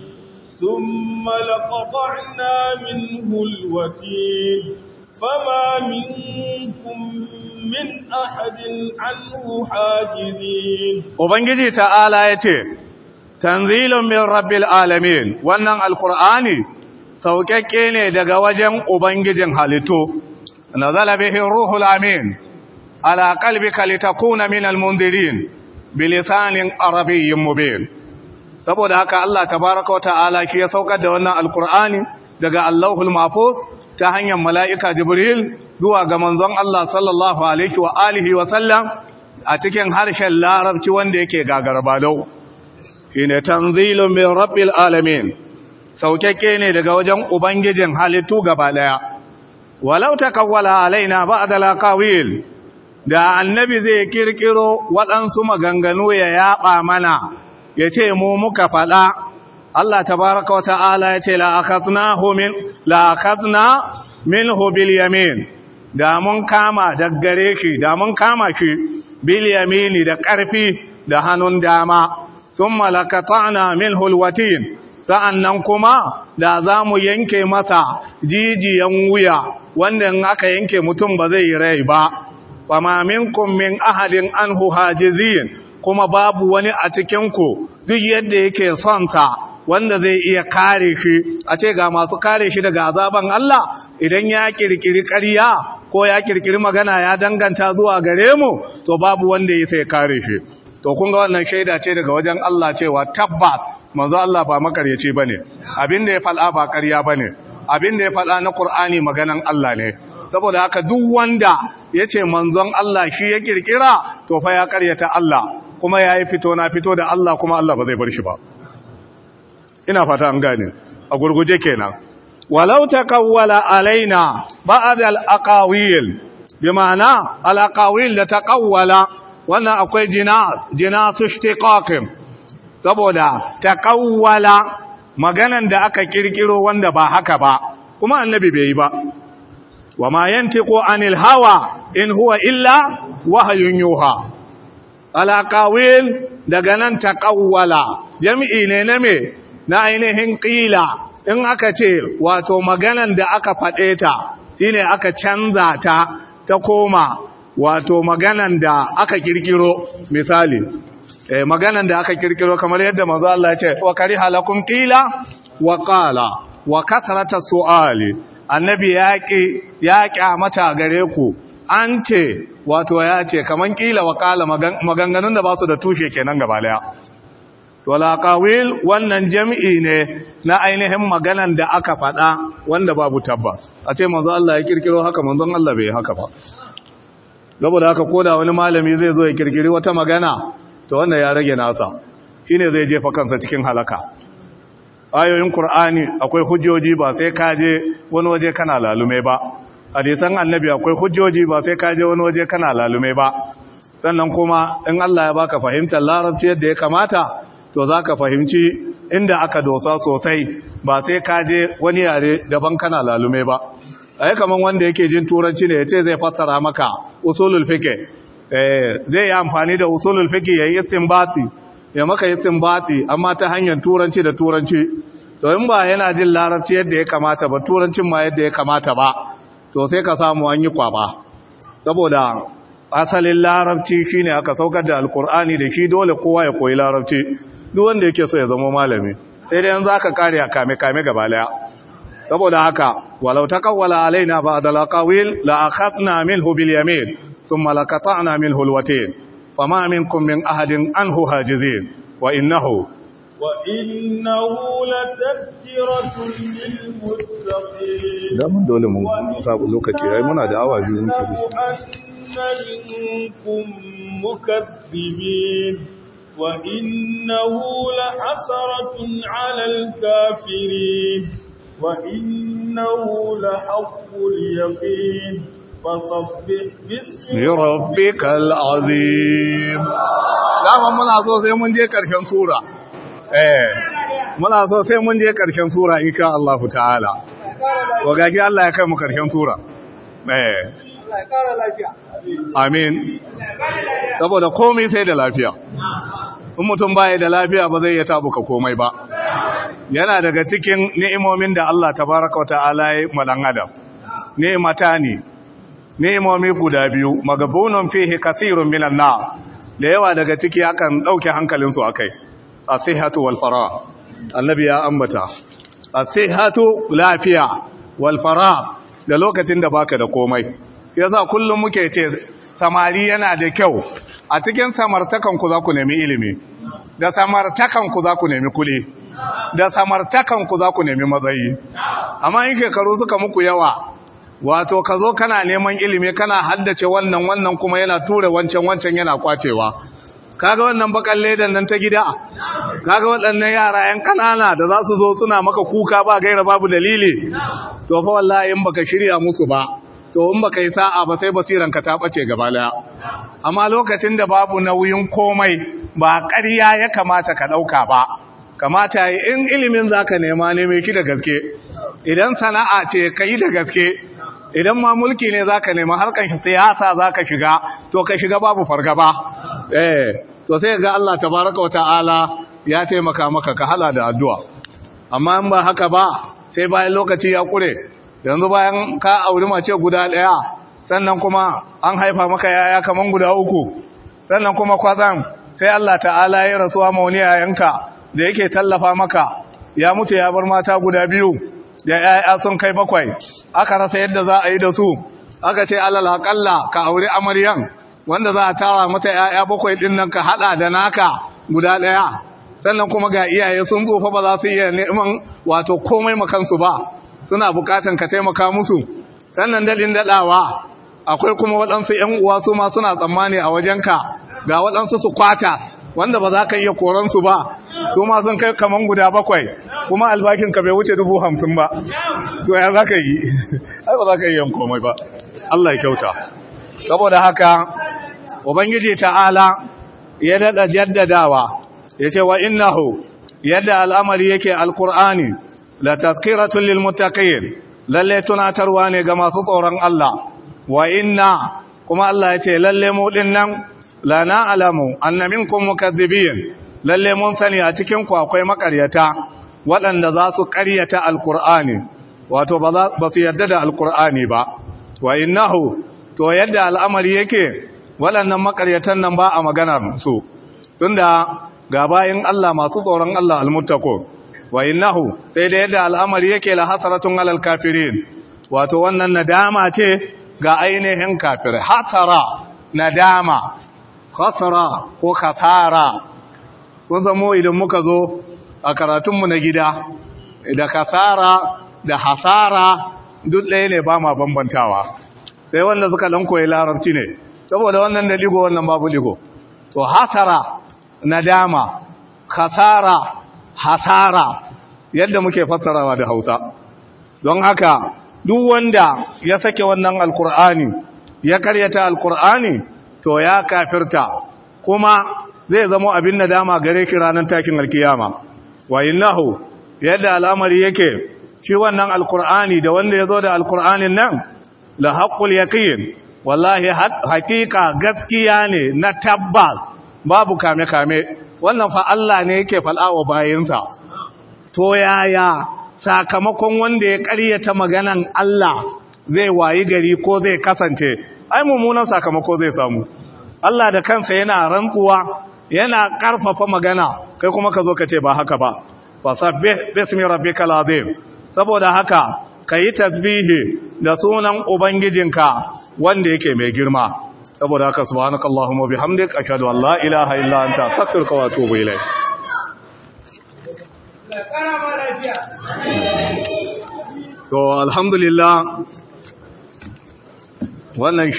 ثم لقطعنا منه الوكيل فما منكم min ahadin anhu hajidin ubangiji ta'ala yace tanzilun min rabbil alamin wannan alqur'ani sauƙaƙe ne daga wajen ubangijin halittu nazala bihi ruhul amin ala qalbika kuna minal mundirin bilisanin arabiyyin mubin saboda haka Allah Ta wa ta'ala shi ya saukar da wannan alqur'ani daga Allahul mahfuz ta hanyar mala'ika jibril zuwa ga manzon Allah sallallahu alaihi wa alihi wa sallam a cikin harshen larabci wanda yake gagarbalau shine tanzilun min rabbil alamin saukakke ne daga wajen ubangijin halittu gaba daya walau ta kawwala alaina ba'da laqawil da annabi zai ƙirƙiro waɗansu maganganu ya yaɓa mana ya ce mu muka faɗa Allah Ta baraka wa ta'ala ya ce la min hobil yamin da mun kama daggare shi da mun kama shi bil yamini da ƙarfi da hannun dama sun malakata na min hulwatin. sa'an nan kuma da za mu yanke masa jijiyan wuya wanda in aka yanke mutum ba zai rai ba famamin kummin min ahadin anhu hajizin kuma babu wani a cikinku duk yadda yake son sa wanda zai iya kare shi a ce ga masu kare shi daga azaban Allah idan ya kirkiri ƙarya ko ya kirkiri magana ya danganta zuwa gare mu to babu wanda ya sai kare shi to kun wannan shaida ce daga wajen Allah cewa tabbas manzo Allah ba makaryaci bane abin da ya fada ba ƙarya bane abin da ya fada na Qur'ani maganan Allah ne saboda haka duk wanda yace manzon Allah shi ya kirkira to fa ya ƙaryata Allah kuma yayi fito na fito da Allah kuma Allah ba zai bar shi ba ina fata an gane a gurguje kenan walau taqawwala alaina ba'd al-aqawil bima'ana al-aqawil la taqawwala wannan akwai jina jina su ishtiqaqin saboda ta kawwala maganan da aka kirkiro wanda ba haka ba kuma annabi bai yi ba wa ma yantiqu anil hawa in huwa illa wahayun yuha ala qawil daga nan ta kawwala jami'i ne na me na ainihin qila in aka ce wato maganan da aka fade ta shine aka canza ta ta koma wato maganan da aka kirkiro misali eh maganan da aka kirkiro kamar yadda manzo Allah ya ce wa kari halakum qila wa qala wa kasrata su'ali annabi yaqi yaqi mata gare ku an ce wato ya ce kaman qila wa qala maganganun da basu da tushe kenan gaba daya to qawil wannan jami'i ne na ainihin maganan da aka faɗa wanda babu tabba a ce manzo Allah ya kirkiro haka manzon Allah bai haka ba saboda haka koda wani malami zai zo ya kirkiri wata magana to wannan ya rage nasa shine zai jefa kansa cikin halaka ayoyin Kur'ani akwai hujjoji ba sai ka je wani waje kana lalume ba hadisan annabi akwai hujjoji ba sai ka je wani waje kana lalume ba sannan kuma in Allah ya baka fahimtar larabci yadda ya kamata to zaka fahimci inda aka dosa sosai ba sai ka je wani yare daban kana lalume ba ai kaman wanda yake jin turanci ne yace zai fassara maka usulul fiqh Eh, zai yi amfani da ya yi yayi istinbati ya maka istinbati amma ta hanyar turanci da turanci to in ba yana jin larabci yadda ya kamata ba turancin ma yadda ya kamata ba to sai ka samu an yi kwaba saboda asalin larabci shine aka saukar da alkur'ani da shi dole kowa ya koyi larabci duk wanda yake so ya zama malami sai dai za ka kare a kame kame gaba daya saboda haka walau taqawwala alaina da alaqawil la na minhu bil yamin ثم لقطعنا منه الوتين فما منكم من أحد أنه هاجزين وإنه وإنه لتذكرة للمتقين وإنه أن منكم مكذبين وإنه لحسرة على الكافرين وإنه لحق اليقين فصبح باسم ربك العظيم dama muna azo sai mun je karshen sura eh muna azo sai mun je karshen sura insha Allah ta'ala to gaji Allah ya kai mu karshen sura eh amin saboda komai sai da lafiya in mutum baya da lafiya ba zai iya tabuka komai ba yana daga cikin ni'imomin da Allah tabaraka wa ta'ala ya malan adam ni'imata ne nemomi guda biyu magabunan fihi kasirun minan na da yawa daga ciki akan dauke hankalinsu su akai asihatu wal farah annabi ya ambata asihatu lafiya wal da lokacin da baka da komai yasa kullum muke ce samari yana da kyau a cikin samartakan za ku nemi ilimi da samartakan ku za ku nemi kuli da samartakan ku za ku nemi matsayi amma in shekaru suka muku yawa wato ka zo kana neman ilimi kana haddace wannan wannan kuma yana tura wancan wancan yana kwacewa kaga wannan bakan ledan nan ta gida kaga waɗannan yara yan kanana da za su zo suna maka kuka ba gaira babu dalili to fa wallahi in baka shirya musu ba to in baka yi sa'a ba sai basiran ka ta bace gaba daya amma lokacin da babu nauyin komai ba ƙarya ya kamata ka ɗauka ba kamata in ilimin zaka nema neme ki da gaske idan sana'a ce kai da gaske idan ma mulki ne za zaka nema harkan siyasa za ka shiga to ka shiga babu fargaba eh to sai ga Allah tabaraka wa ta'ala ya taimaka maka ka hala da addu'a amma in ba haka ba sai bayan lokaci ya kure yanzu bayan ka auri mace guda daya sannan kuma an haifa maka yaya kaman guda uku sannan kuma kwazan sai Allah ta'ala ya rasuwa mauniya yanka da yake tallafa maka ya mutu ya bar mata guda biyu da ‘ya'ya sun kai bakwai aka rasa yadda za a yi da su aka ce alal haƙalla ka auri amaryan wanda za a tara mata ‘ya'ya bakwai ɗin nan ka haɗa da naka guda ɗaya sannan kuma ga iyaye sun tsufa ba za su iya neman wato komai makansu ba suna buƙatan ka taimaka musu sannan daɗin daɗawa akwai kuma waɗansu ‘yan uwa su ma suna tsammani a wajenka ga waɗansu su kwata wanda ba za ka iya koransu ba su ma sun kai kaman guda bakwai kuma albashin ka bai wuce dubu hamsin ba ya za ka yi ai ba za ka yi yan komai ba Allah ya kyauta saboda haka ubangiji ta'ala ya daɗa jaddadawa ya ce wa innahu yadda al'amari yake alkur'ani la tazkiratun lil muttaqin lalle tunatarwa ne ga masu tsoron Allah wa inna kuma Allah ya ce lalle mu dinnan la na'lamu anna minkum mukaththibin lalle mun sani a cikin ku akwai makaryata waɗanda za su ƙaryata alkur'ani wato ba su yarda da alkur'ani ba wa innahu to yadda al'amari yake waɗannan maƙaryatan nan ba a maganar su tunda ga bayan Allah masu tsoron Allah almuttako wa innahu sai da yadda al'amari yake la hasaratun alal kafirin wato wannan nadama ce ga ainihin kafir hasara nadama khasara ko khasara kun zamo idan muka zo a karatunmu na gida da kasara da hasara duk ɗaya ne ba ma bambantawa sai wanda suka ɗan koyi larabci ne saboda wannan da ligo wannan babu ligo to hasara nadama khasara hasara yadda muke fassarawa da Hausa don haka duk wanda ya sake wannan alkur'ani ya karyata alkur'ani to ya kafirta kuma zai zama abin nadama gare ki ranar takin alkiyama wa innahu yadda al'amari yake shi wannan alkur'ani da wanda ya zo da alkur'anin nan la haqqul yaqin wallahi haqiqa gaskiya ne na tabbas babu kame kame wannan fa Allah ne yake fal'awa bayinsa to yaya sakamakon wanda ya ƙaryata maganan Allah zai wayi gari ko zai kasance ai mummunan sakamako zai samu Allah da kansa yana rantsuwa yana karfafa magana kai kuma ka zo ka ce ba haka ba fasabbih bismi rabbikal azim saboda haka kai tasbihi da sunan ubangijinka wanda yake mai girma saboda haka wa bihamdik ashhadu an la ilaha illa anta astaghfiruka wa atubu ilayk to alhamdulillah wannan